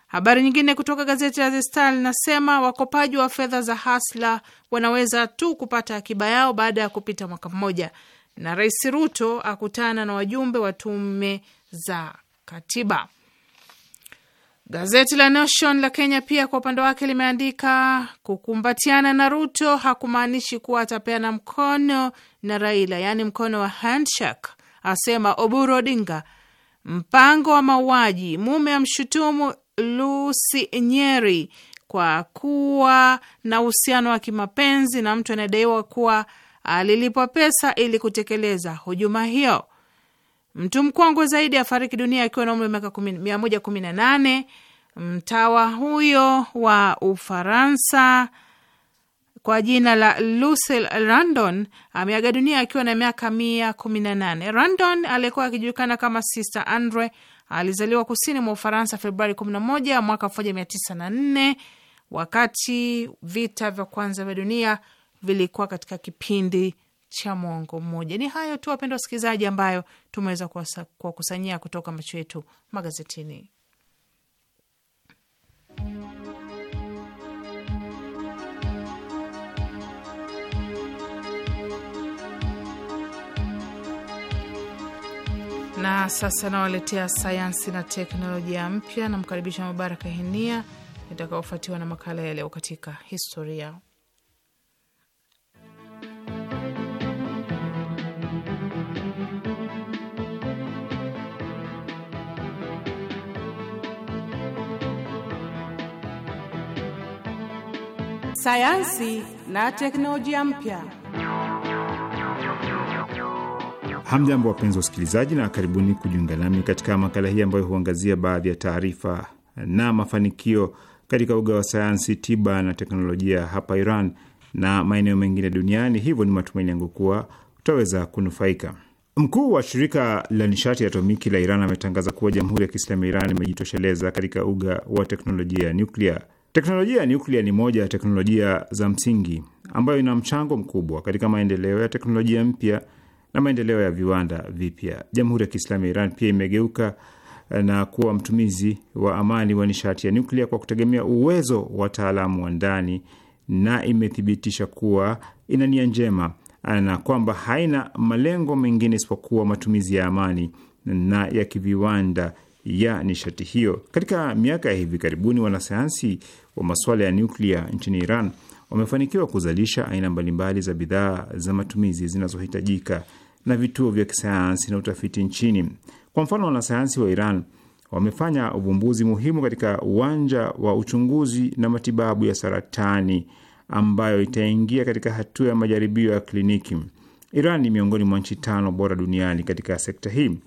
Habari nyingine kutoka gazeti la The Star linasema wakopaji wa fedha za hasla wanaweza tu kupata akiba yao baada ya kupita mwaka mmoja, na Rais Ruto akutana na wajumbe wa tume za katiba. Gazeti la Nation la Kenya pia kwa upande wake limeandika kukumbatiana na Ruto hakumaanishi kuwa atapeana mkono na Raila, yaani mkono wa handshake, asema Oburu Odinga. Mpango wa mauaji mume amshutumu Lucy Nyeri kwa kuwa na uhusiano wa kimapenzi na mtu anayedaiwa kuwa alilipwa pesa ili kutekeleza hujuma hiyo. Mtu mkongwe zaidi afariki dunia akiwa na umri wa miaka 118. kumi Mtawa huyo wa Ufaransa kwa jina la Lucille Randon ameaga dunia akiwa na miaka mia kumi na nane. Randon alikuwa akijulikana kama Sister Andre Alizaliwa kusini mwa Ufaransa Februari 11 mwaka 1904 wakati vita vya kwanza vya dunia vilikuwa katika kipindi cha mwongo mmoja. Ni hayo tu, wapendwa wasikilizaji, ambayo tumeweza kuwakusanyia kutoka macho yetu magazetini. Na sasa nawaletea sayansi na teknolojia mpya. Namkaribisha Mubaraka Hinia itakaofuatiwa na makala ya leo katika historia. Sayansi na teknolojia mpya. Hamjambo, wapenzi wa usikilizaji, na karibuni kujiunga nami katika makala hii ambayo huangazia baadhi ya taarifa na mafanikio katika uga wa sayansi, tiba na teknolojia hapa Iran na maeneo mengine duniani. Hivyo ni matumaini yangu kuwa utaweza kunufaika. Mkuu wa shirika la nishati ya atomiki la Iran ametangaza kuwa Jamhuri ya Kiislamu ya Iran imejitosheleza katika uga wa teknolojia ya nyuklia. Teknolojia ya nyuklia ni moja ya teknolojia za msingi ambayo ina mchango mkubwa katika maendeleo ya teknolojia mpya na maendeleo ya viwanda vipya. Jamhuri ya Kiislamu ya Iran pia imegeuka eh, na kuwa mtumizi wa amani wa nishati ya nyuklia kwa kutegemea uwezo wa wataalamu wa ndani na imethibitisha kuwa ina nia njema na kwamba haina malengo mengine isipokuwa matumizi ya amani na ya kiviwanda ya nishati hiyo. Katika miaka ya hivi karibuni, wanasayansi wa masuala ya nyuklia nchini Iran wamefanikiwa kuzalisha aina mbalimbali za bidhaa za matumizi zinazohitajika na vituo vya kisayansi na utafiti nchini. Kwa mfano, wanasayansi wa Iran wamefanya uvumbuzi muhimu katika uwanja wa uchunguzi na matibabu ya saratani ambayo itaingia katika hatua ya majaribio ya kliniki. Iran ni miongoni mwa nchi tano bora duniani katika sekta hii.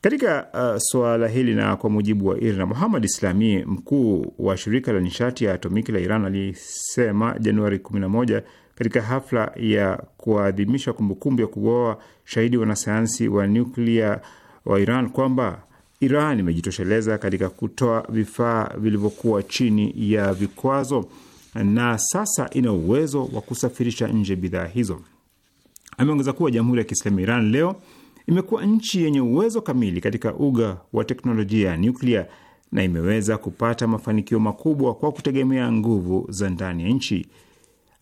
Katika uh, suala hili na kwa mujibu wa IRNA, Muhammad Islami, mkuu wa shirika la nishati ya atomiki la Iran, alisema Januari 11 katika hafla ya kuadhimisha kumbukumbu ya kuuawa shahidi wanasayansi wa nyuklia wa Iran kwamba Iran imejitosheleza katika kutoa vifaa vilivyokuwa chini ya vikwazo na sasa ina uwezo wa kusafirisha nje bidhaa hizo. Ameongeza kuwa Jamhuri ya Kiislamu Iran leo imekuwa nchi yenye uwezo kamili katika uga wa teknolojia ya nyuklia na imeweza kupata mafanikio makubwa kwa kutegemea nguvu za ndani ya nchi.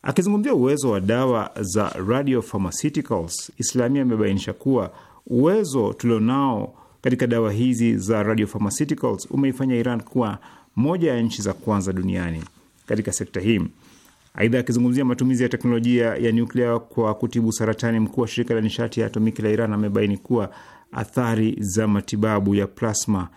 Akizungumzia uwezo wa dawa za radiopharmaceuticals, Islamia amebainisha kuwa uwezo tulionao katika dawa hizi za radiopharmaceuticals umeifanya Iran kuwa moja ya nchi za kwanza duniani katika sekta hii. Aidha, akizungumzia matumizi ya teknolojia ya nyuklia kwa kutibu saratani, mkuu wa shirika la nishati ya atomiki la Iran amebaini kuwa athari za matibabu ya plasma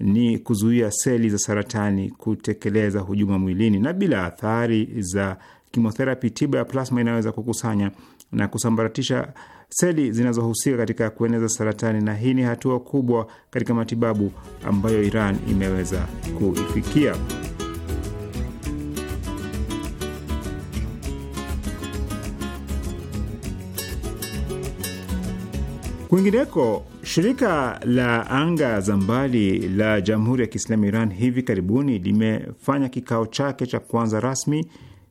ni kuzuia seli za saratani kutekeleza hujuma mwilini, na bila athari za kimotherapi, tiba ya plasma inaweza kukusanya na kusambaratisha seli zinazohusika katika kueneza saratani, na hii ni hatua kubwa katika matibabu ambayo Iran imeweza kuifikia. Kwingineko, shirika la anga za mbali la Jamhuri ya Kiislamu Iran hivi karibuni limefanya kikao chake cha kwanza rasmi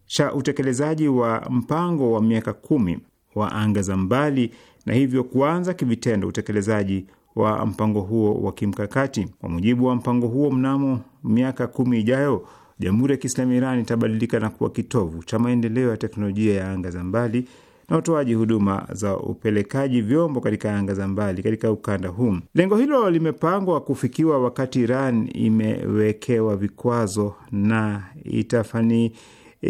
cha utekelezaji wa mpango wa miaka kumi wa anga za mbali na hivyo kuanza kivitendo utekelezaji wa mpango huo wa kimkakati. Kwa mujibu wa mpango huo, mnamo miaka kumi ijayo Jamhuri ya Kiislamu ya Iran itabadilika na kuwa kitovu cha maendeleo ya teknolojia ya anga za mbali na utoaji huduma za upelekaji vyombo katika anga za mbali katika ukanda huu. Lengo hilo limepangwa kufikiwa wakati Iran imewekewa vikwazo na itafani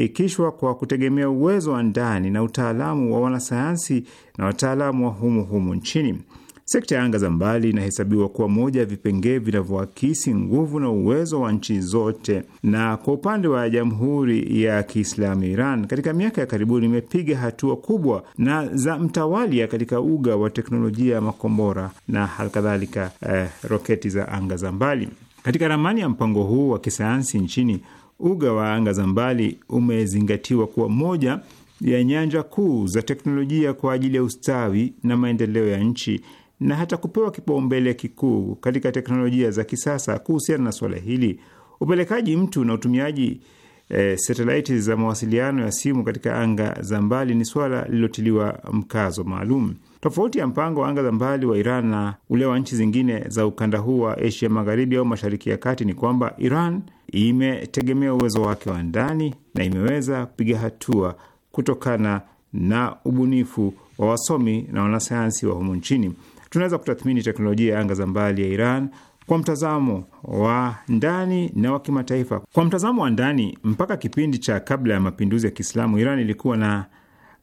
ikishwa kwa kutegemea uwezo wa ndani na utaalamu wa wanasayansi na wataalamu wa humuhumu nchini. Sekta ya anga za mbali inahesabiwa kuwa moja ya vipengee vinavyoakisi nguvu na uwezo wa nchi zote. Na kwa upande wa Jamhuri ya Kiislamu Iran, katika miaka ya karibuni imepiga hatua kubwa na za mtawalia katika uga wa teknolojia ya makombora na halikadhalika eh, roketi za anga za mbali. Katika ramani ya mpango huu wa kisayansi nchini uga wa anga za mbali umezingatiwa kuwa moja ya nyanja kuu za teknolojia kwa ajili ya ustawi na maendeleo ya nchi na hata kupewa kipaumbele kikuu katika teknolojia za kisasa. Kuhusiana na suala hili, upelekaji mtu na utumiaji e, eh, satelaiti za mawasiliano ya simu katika anga za mbali ni suala lililotiliwa mkazo maalum. Tofauti ya mpango wa anga za mbali wa Iran na ule wa nchi zingine za ukanda huu wa Asia Magharibi au Mashariki ya Kati ni kwamba Iran imetegemea uwezo wake wa ndani na imeweza kupiga hatua kutokana na ubunifu wa wasomi na wanasayansi wa humu nchini. Tunaweza kutathmini teknolojia ya anga za mbali ya Iran kwa mtazamo wa ndani na wa kimataifa. Kwa mtazamo wa ndani, mpaka kipindi cha kabla ya mapinduzi ya Kiislamu, Iran ilikuwa na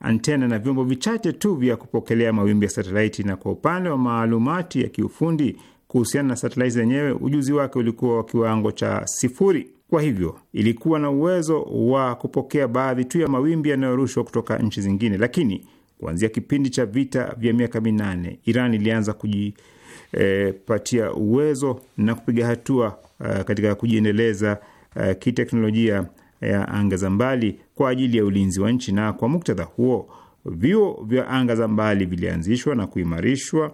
antena na vyombo vichache tu vya kupokelea mawimbi ya satelaiti. Na kwa upande wa maalumati ya kiufundi kuhusiana na satelaiti zenyewe, ujuzi wake ulikuwa wa kiwango cha sifuri. Kwa hivyo ilikuwa na uwezo wa kupokea baadhi tu ya mawimbi yanayorushwa kutoka nchi zingine, lakini kuanzia kipindi cha vita vya miaka minane Iran ilianza kujipatia e, uwezo na kupiga hatua a, eh, katika kujiendeleza eh, kiteknolojia ya anga za mbali kwa ajili ya ulinzi wa nchi. Na kwa muktadha huo, vyuo vya anga za mbali vilianzishwa na kuimarishwa,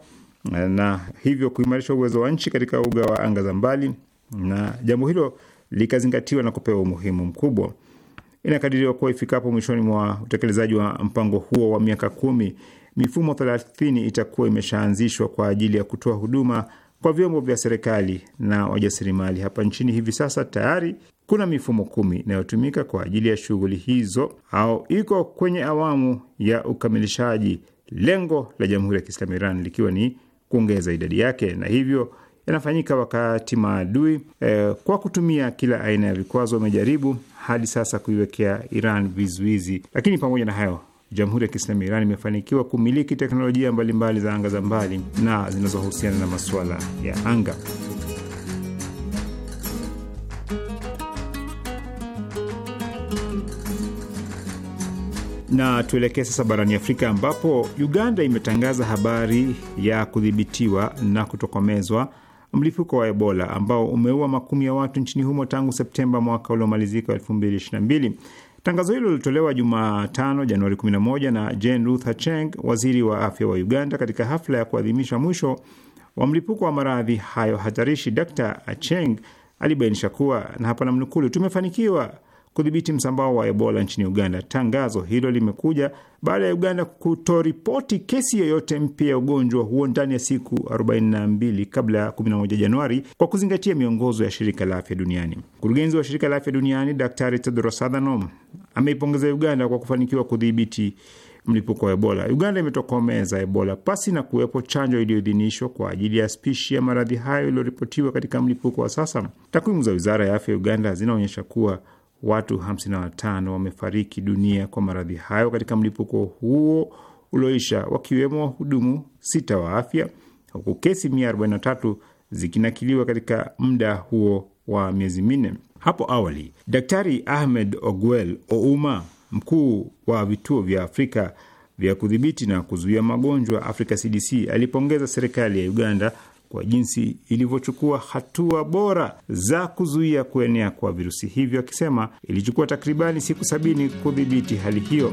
na hivyo kuimarisha uwezo wa nchi katika uga wa anga za mbali, na jambo hilo likazingatiwa na kupewa umuhimu mkubwa. Inakadiriwa kuwa ifikapo mwishoni mwa utekelezaji wa mpango huo wa miaka kumi, mifumo thelathini itakuwa imeshaanzishwa kwa ajili ya kutoa huduma kwa vyombo vya serikali na wajasiriamali hapa nchini. Hivi sasa tayari kuna mifumo kumi inayotumika kwa ajili ya shughuli hizo au iko kwenye awamu ya ukamilishaji, lengo la Jamhuri ya Kiislamu Iran likiwa ni kuongeza idadi yake, na hivyo yanafanyika wakati maadui eh, kwa kutumia kila aina ya vikwazo wamejaribu hadi sasa kuiwekea Iran vizuizi. Lakini pamoja na hayo, Jamhuri ya Kiislamu Iran imefanikiwa kumiliki teknolojia mbalimbali mbali za anga za mbali na zinazohusiana na masuala ya anga. Na tuelekee sasa barani Afrika ambapo Uganda imetangaza habari ya kudhibitiwa na kutokomezwa mlipuko wa Ebola ambao umeua makumi ya watu nchini humo tangu Septemba mwaka uliomalizika 2022. Tangazo hilo lilitolewa Jumatano, Januari 11 na Jane Ruth Acheng, waziri wa afya wa Uganda, katika hafla ya kuadhimisha mwisho wa mlipuko wa maradhi hayo hatarishi. Dr Acheng alibainisha kuwa na hapa namnukuu, tumefanikiwa kudhibiti msambao wa Ebola nchini Uganda. Tangazo hilo limekuja baada ya Uganda kutoripoti kesi yoyote mpya ya ugonjwa huo ndani ya siku 42 kabla ya 11 Januari, kwa kuzingatia miongozo ya shirika la afya duniani. Mkurugenzi wa shirika la afya duniani Daktari Tedros Adhanom ameipongeza Uganda kwa kufanikiwa kudhibiti mlipuko wa Ebola. Uganda imetokomeza Ebola pasi na kuwepo chanjo iliyoidhinishwa kwa ajili ya spishi ya maradhi hayo iliyoripotiwa katika mlipuko wa sasa. Takwimu za wizara ya afya ya Uganda zinaonyesha kuwa watu 55 wamefariki dunia kwa maradhi hayo katika mlipuko huo ulioisha, wakiwemo wahudumu sita wa afya, huku kesi 143 zikinakiliwa katika muda huo wa miezi minne. Hapo awali Daktari Ahmed Ogwel Ouma, mkuu wa vituo vya Afrika vya kudhibiti na kuzuia magonjwa Afrika CDC, alipongeza serikali ya Uganda kwa jinsi ilivyochukua hatua bora za kuzuia kuenea kwa virusi hivyo, akisema ilichukua takribani siku sabini kudhibiti hali hiyo.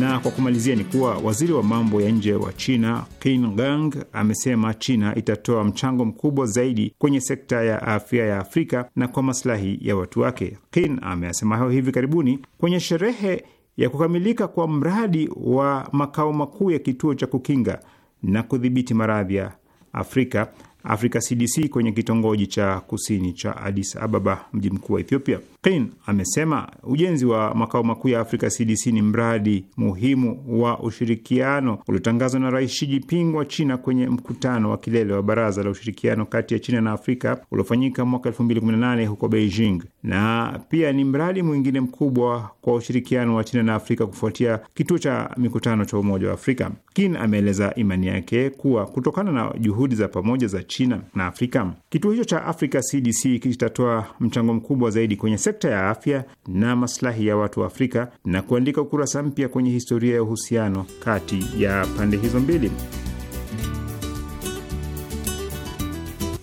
Na kwa kumalizia ni kuwa waziri wa mambo ya nje wa China Qin Gang amesema China itatoa mchango mkubwa zaidi kwenye sekta ya afya ya Afrika na kwa maslahi ya watu wake. Qin ameasema hayo hivi karibuni kwenye sherehe ya kukamilika kwa mradi wa makao makuu ya kituo cha kukinga na kudhibiti maradhi ya Afrika Africa CDC kwenye kitongoji cha kusini cha Addis Ababa, mji mkuu wa Ethiopia. Qin amesema ujenzi wa makao makuu ya Afrika CDC ni mradi muhimu wa ushirikiano uliotangazwa na Rais Xi Jinping wa China kwenye mkutano wa kilele wa Baraza la Ushirikiano kati ya China na Afrika uliofanyika mwaka 2018 huko Beijing, na pia ni mradi mwingine mkubwa kwa ushirikiano wa China na Afrika kufuatia kituo cha mikutano cha Umoja wa Afrika. Qin ameeleza imani yake kuwa kutokana na juhudi za pamoja za China na Afrika, kituo hicho cha afrika CDC kitatoa mchango mkubwa zaidi kwenye sekta ya afya na maslahi ya watu wa Afrika na kuandika ukurasa mpya kwenye historia ya uhusiano kati ya pande hizo mbili.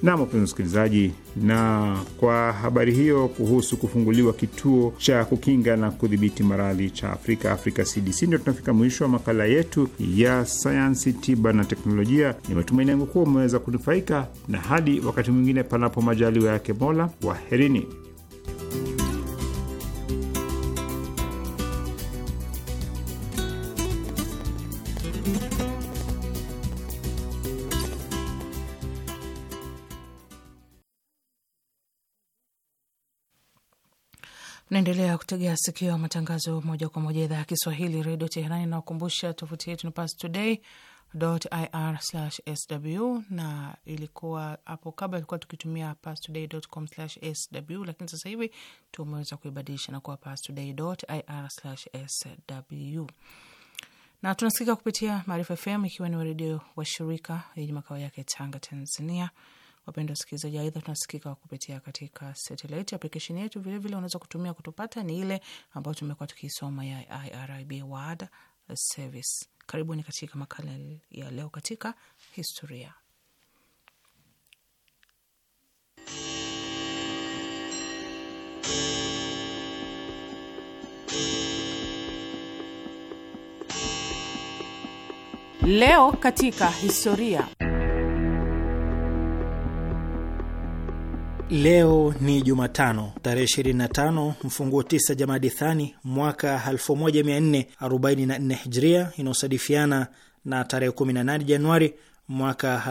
Nam, wapenzi msikilizaji, na kwa habari hiyo kuhusu kufunguliwa kituo cha kukinga na kudhibiti maradhi cha Afrika, afrika CDC, ndio tunafika mwisho wa makala yetu ya sayansi, tiba na teknolojia. Ni matumaini yangu kuwa umeweza kunufaika, na hadi wakati mwingine, panapo majaliwa yake Mola, waherini. Naendelea kutegea sikio matangazo moja kwa moja idhaa ya Kiswahili redio Teherani. Nawakumbusha tovuti yetu ni Pastoday ir/sw na ilikuwa hapo kabla ilikuwa tukitumia pastoday.com/sw, lakini sasa hivi tumeweza kuibadilisha na kuwa pastoday.ir/sw na tunasikika kupitia Maarifa FM ikiwa ni redio wa shirika yenye makao yake Tanga, Tanzania. Wapendwa wasikilizaji, aidha tunasikika kupitia katika satellite application yetu vilevile, unaweza kutumia kutupata, ni ile ambayo tumekuwa tukisoma ya IRIB World Service Karibuni katika makala ya leo katika historia. Leo katika historia. Leo ni Jumatano tarehe 25 mfunguo 9 Jamadi Thani mwaka 1444 Hijria, inayosadifiana na tarehe 18 Januari mwaka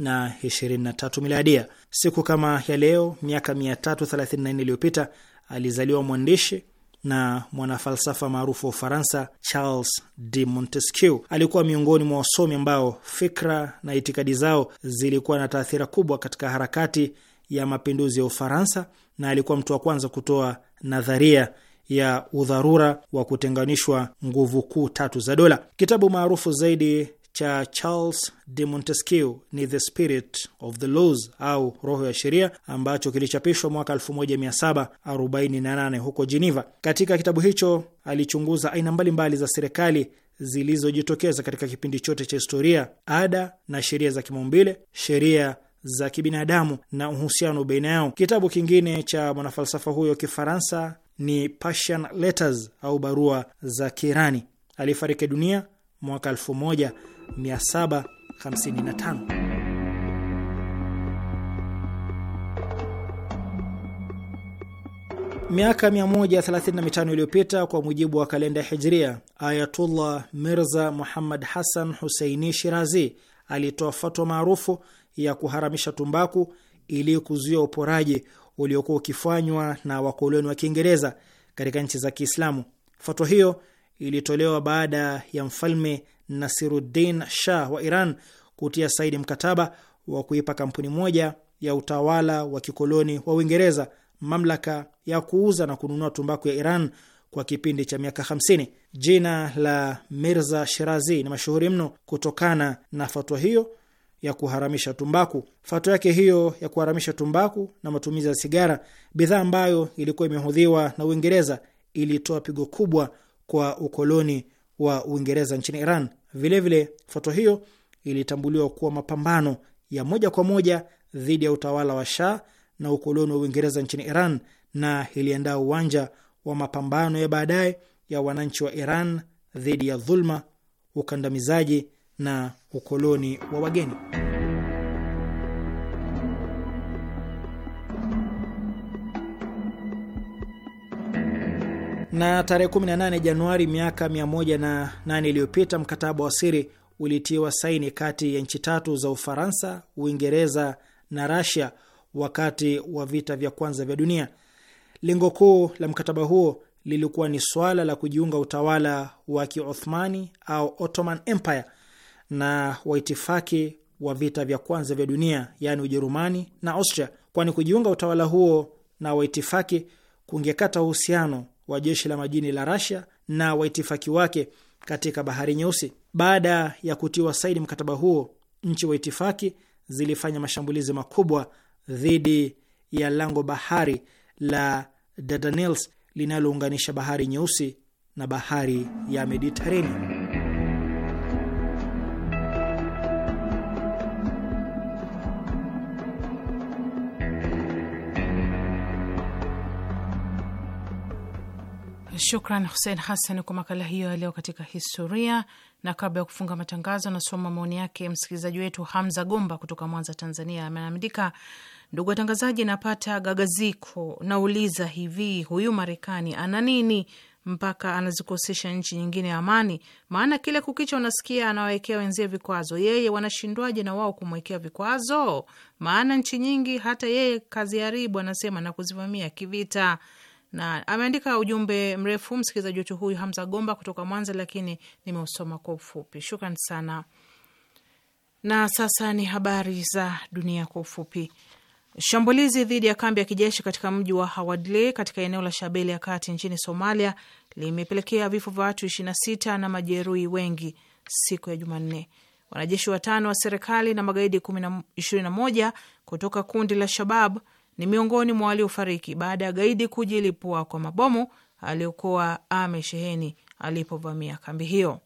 2023 Miladia. Siku kama ya leo miaka 334 iliyopita alizaliwa mwandishi na mwanafalsafa maarufu wa Ufaransa Charles de Montesquieu. Alikuwa miongoni mwa wasomi ambao fikra na itikadi zao zilikuwa na taathira kubwa katika harakati ya mapinduzi ya Ufaransa na alikuwa mtu wa kwanza kutoa nadharia ya udharura wa kutenganishwa nguvu kuu tatu za dola. Kitabu maarufu zaidi cha Charles de Montesquieu ni The Spirit of the Laws au Roho ya Sheria, ambacho kilichapishwa mwaka 1748 huko Geneva. Katika kitabu hicho alichunguza aina mbalimbali za serikali zilizojitokeza katika kipindi chote cha historia, ada na sheria za kimaumbile, sheria za kibinadamu na uhusiano baina yao. Kitabu kingine cha mwanafalsafa huyo Kifaransa ni Persian Letters au barua za Kirani aliyefariki dunia mwaka 1755. Miaka 135 iliyopita kwa mujibu wa kalenda Hijria, Ayatullah Mirza Muhammad Hassan Huseini Shirazi alitoa fatwa maarufu ya kuharamisha tumbaku ili kuzuia uporaji uliokuwa ukifanywa na wakoloni wa Kiingereza katika nchi za Kiislamu. Fatwa hiyo ilitolewa baada ya mfalme Nasiruddin Shah wa Iran kutia saini mkataba wa kuipa kampuni moja ya utawala wa kikoloni wa Uingereza mamlaka ya kuuza na kununua tumbaku ya Iran kwa kipindi cha miaka 50. Jina la Mirza Shirazi ni mashuhuri mno kutokana na fatwa hiyo ya kuharamisha tumbaku. Fatwa yake hiyo ya kuharamisha tumbaku na matumizi ya sigara, bidhaa ambayo ilikuwa imehudhiwa na Uingereza, ilitoa pigo kubwa kwa ukoloni wa Uingereza nchini Iran. Vilevile, fatwa hiyo ilitambuliwa kuwa mapambano ya moja kwa moja dhidi ya utawala wa Shah na ukoloni wa Uingereza nchini Iran na iliandaa uwanja wa mapambano ya baadaye ya wananchi wa Iran dhidi ya dhulma, ukandamizaji na ukoloni wa wageni. Na tarehe 18 Januari miaka 108 iliyopita mkataba wa siri ulitiwa saini kati ya nchi tatu za Ufaransa, Uingereza na Rasia wakati wa vita vya kwanza vya dunia. Lengo kuu la mkataba huo lilikuwa ni swala la kujiunga utawala wa Kiothmani au Ottoman Empire na waitifaki wa vita vya kwanza vya dunia, yaani Ujerumani na Austria, kwani kujiunga utawala huo na waitifaki kungekata uhusiano wa jeshi la majini la Rasia na waitifaki wake katika bahari nyeusi. Baada ya kutiwa saini mkataba huo, nchi waitifaki zilifanya mashambulizi makubwa dhidi ya lango bahari la Dardanelles linalounganisha bahari nyeusi na bahari ya Mediterania. Shukran Hussein Hassan kwa makala hiyo ya leo katika historia. Na kabla ya kufunga matangazo, anasoma maoni yake msikilizaji wetu Hamza Gomba kutoka Mwanza, Tanzania. Ameandika, ndugu watangazaji, napata gagaziko, nauliza hivi, huyu Marekani ana nini mpaka anazikosesha nchi nyingine amani? Maana kila kukicha unasikia anawawekea wenzie vikwazo. Yeye wanashindwaje na wao kumwekea vikwazo? Maana nchi nyingi hata yeye kaziharibu, anasema na kuzivamia kivita na ameandika ujumbe mrefu msikilizaji wetu huyu Hamza Gomba kutoka Mwanza, lakini nimeusoma kwa ufupi. Shukran sana. Na sasa ni habari za dunia kwa ufupi. Shambulizi dhidi ya kambi ya kijeshi katika mji wa Hawadle katika eneo la Shabele ya kati nchini Somalia limepelekea vifo vya watu 26 na majeruhi wengi siku ya Jumanne. Wanajeshi watano wa serikali na magaidi 21 kutoka kundi la Shabab ni miongoni mwa waliofariki baada ya gaidi kujilipua kwa mabomu aliyokuwa amesheheni alipovamia kambi hiyo.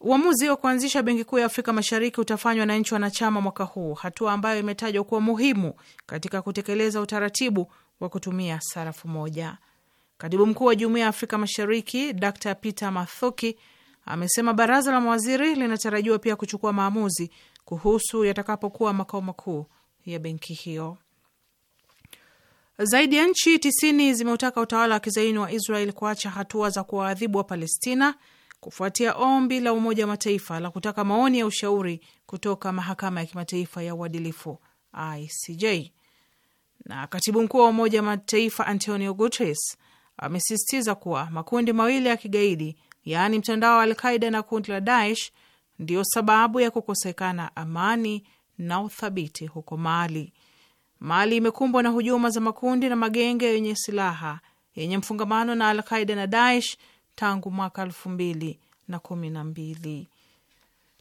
Uamuzi wa kuanzisha benki kuu ya Afrika Mashariki utafanywa na nchi wanachama mwaka huu, hatua ambayo imetajwa kuwa muhimu katika kutekeleza utaratibu wa kutumia sarafu moja. Katibu mkuu wa Jumuiya ya Afrika Mashariki Dr Peter Mathuki amesema baraza la mawaziri linatarajiwa pia kuchukua maamuzi kuhusu yatakapokuwa makao makuu ya benki hiyo. Zaidi ya nchi tisini zimeutaka utawala wa kizaini wa Israel kuacha hatua za kuwaadhibu wa Palestina kufuatia ombi la Umoja wa Mataifa la kutaka maoni ya ushauri kutoka mahakama ya kimataifa ya uadilifu ICJ. Na katibu mkuu wa Umoja wa Mataifa Antonio Guterres amesisitiza kuwa makundi mawili ya kigaidi, yaani mtandao wa Alqaida na kundi la Daesh, ndiyo sababu ya kukosekana amani na uthabiti huko Mali. Mali imekumbwa na hujuma za makundi na magenge yenye silaha yenye mfungamano na Alqaida na Daesh tangu mwaka elfu mbili na kumi na mbili.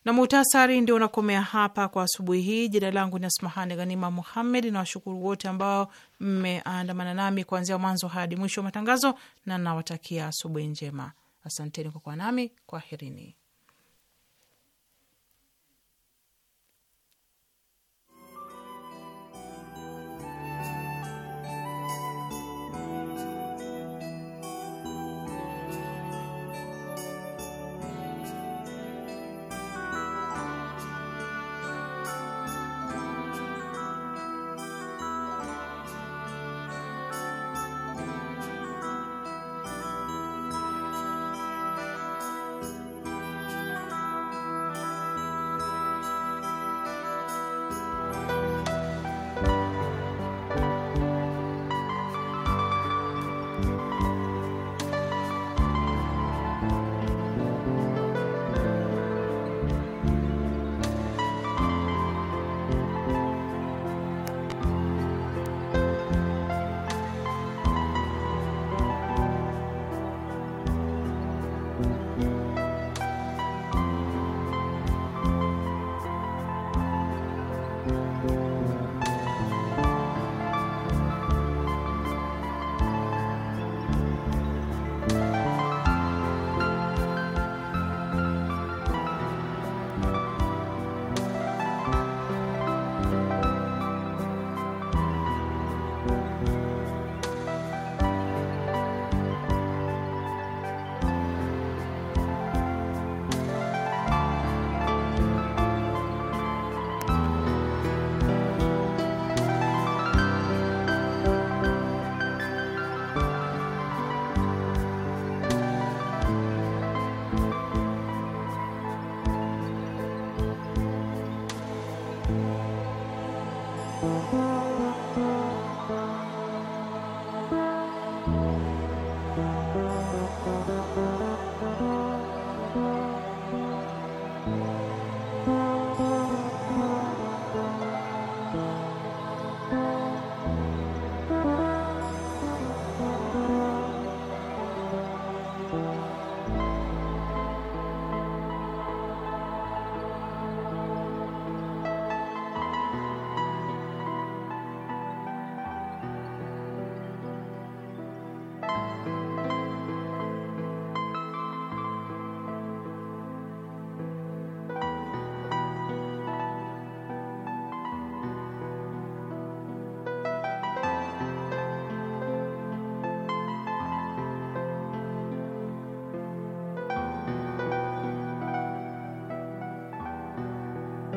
Na muhtasari ndio unakomea hapa kwa asubuhi hii. Jina langu ni Asmahani Ghanima Muhammed na washukuru wote ambao mmeandamana nami kuanzia mwanzo hadi mwisho wa matangazo, na nawatakia asubuhi njema. Asanteni kwa kuwa nami, kwaherini.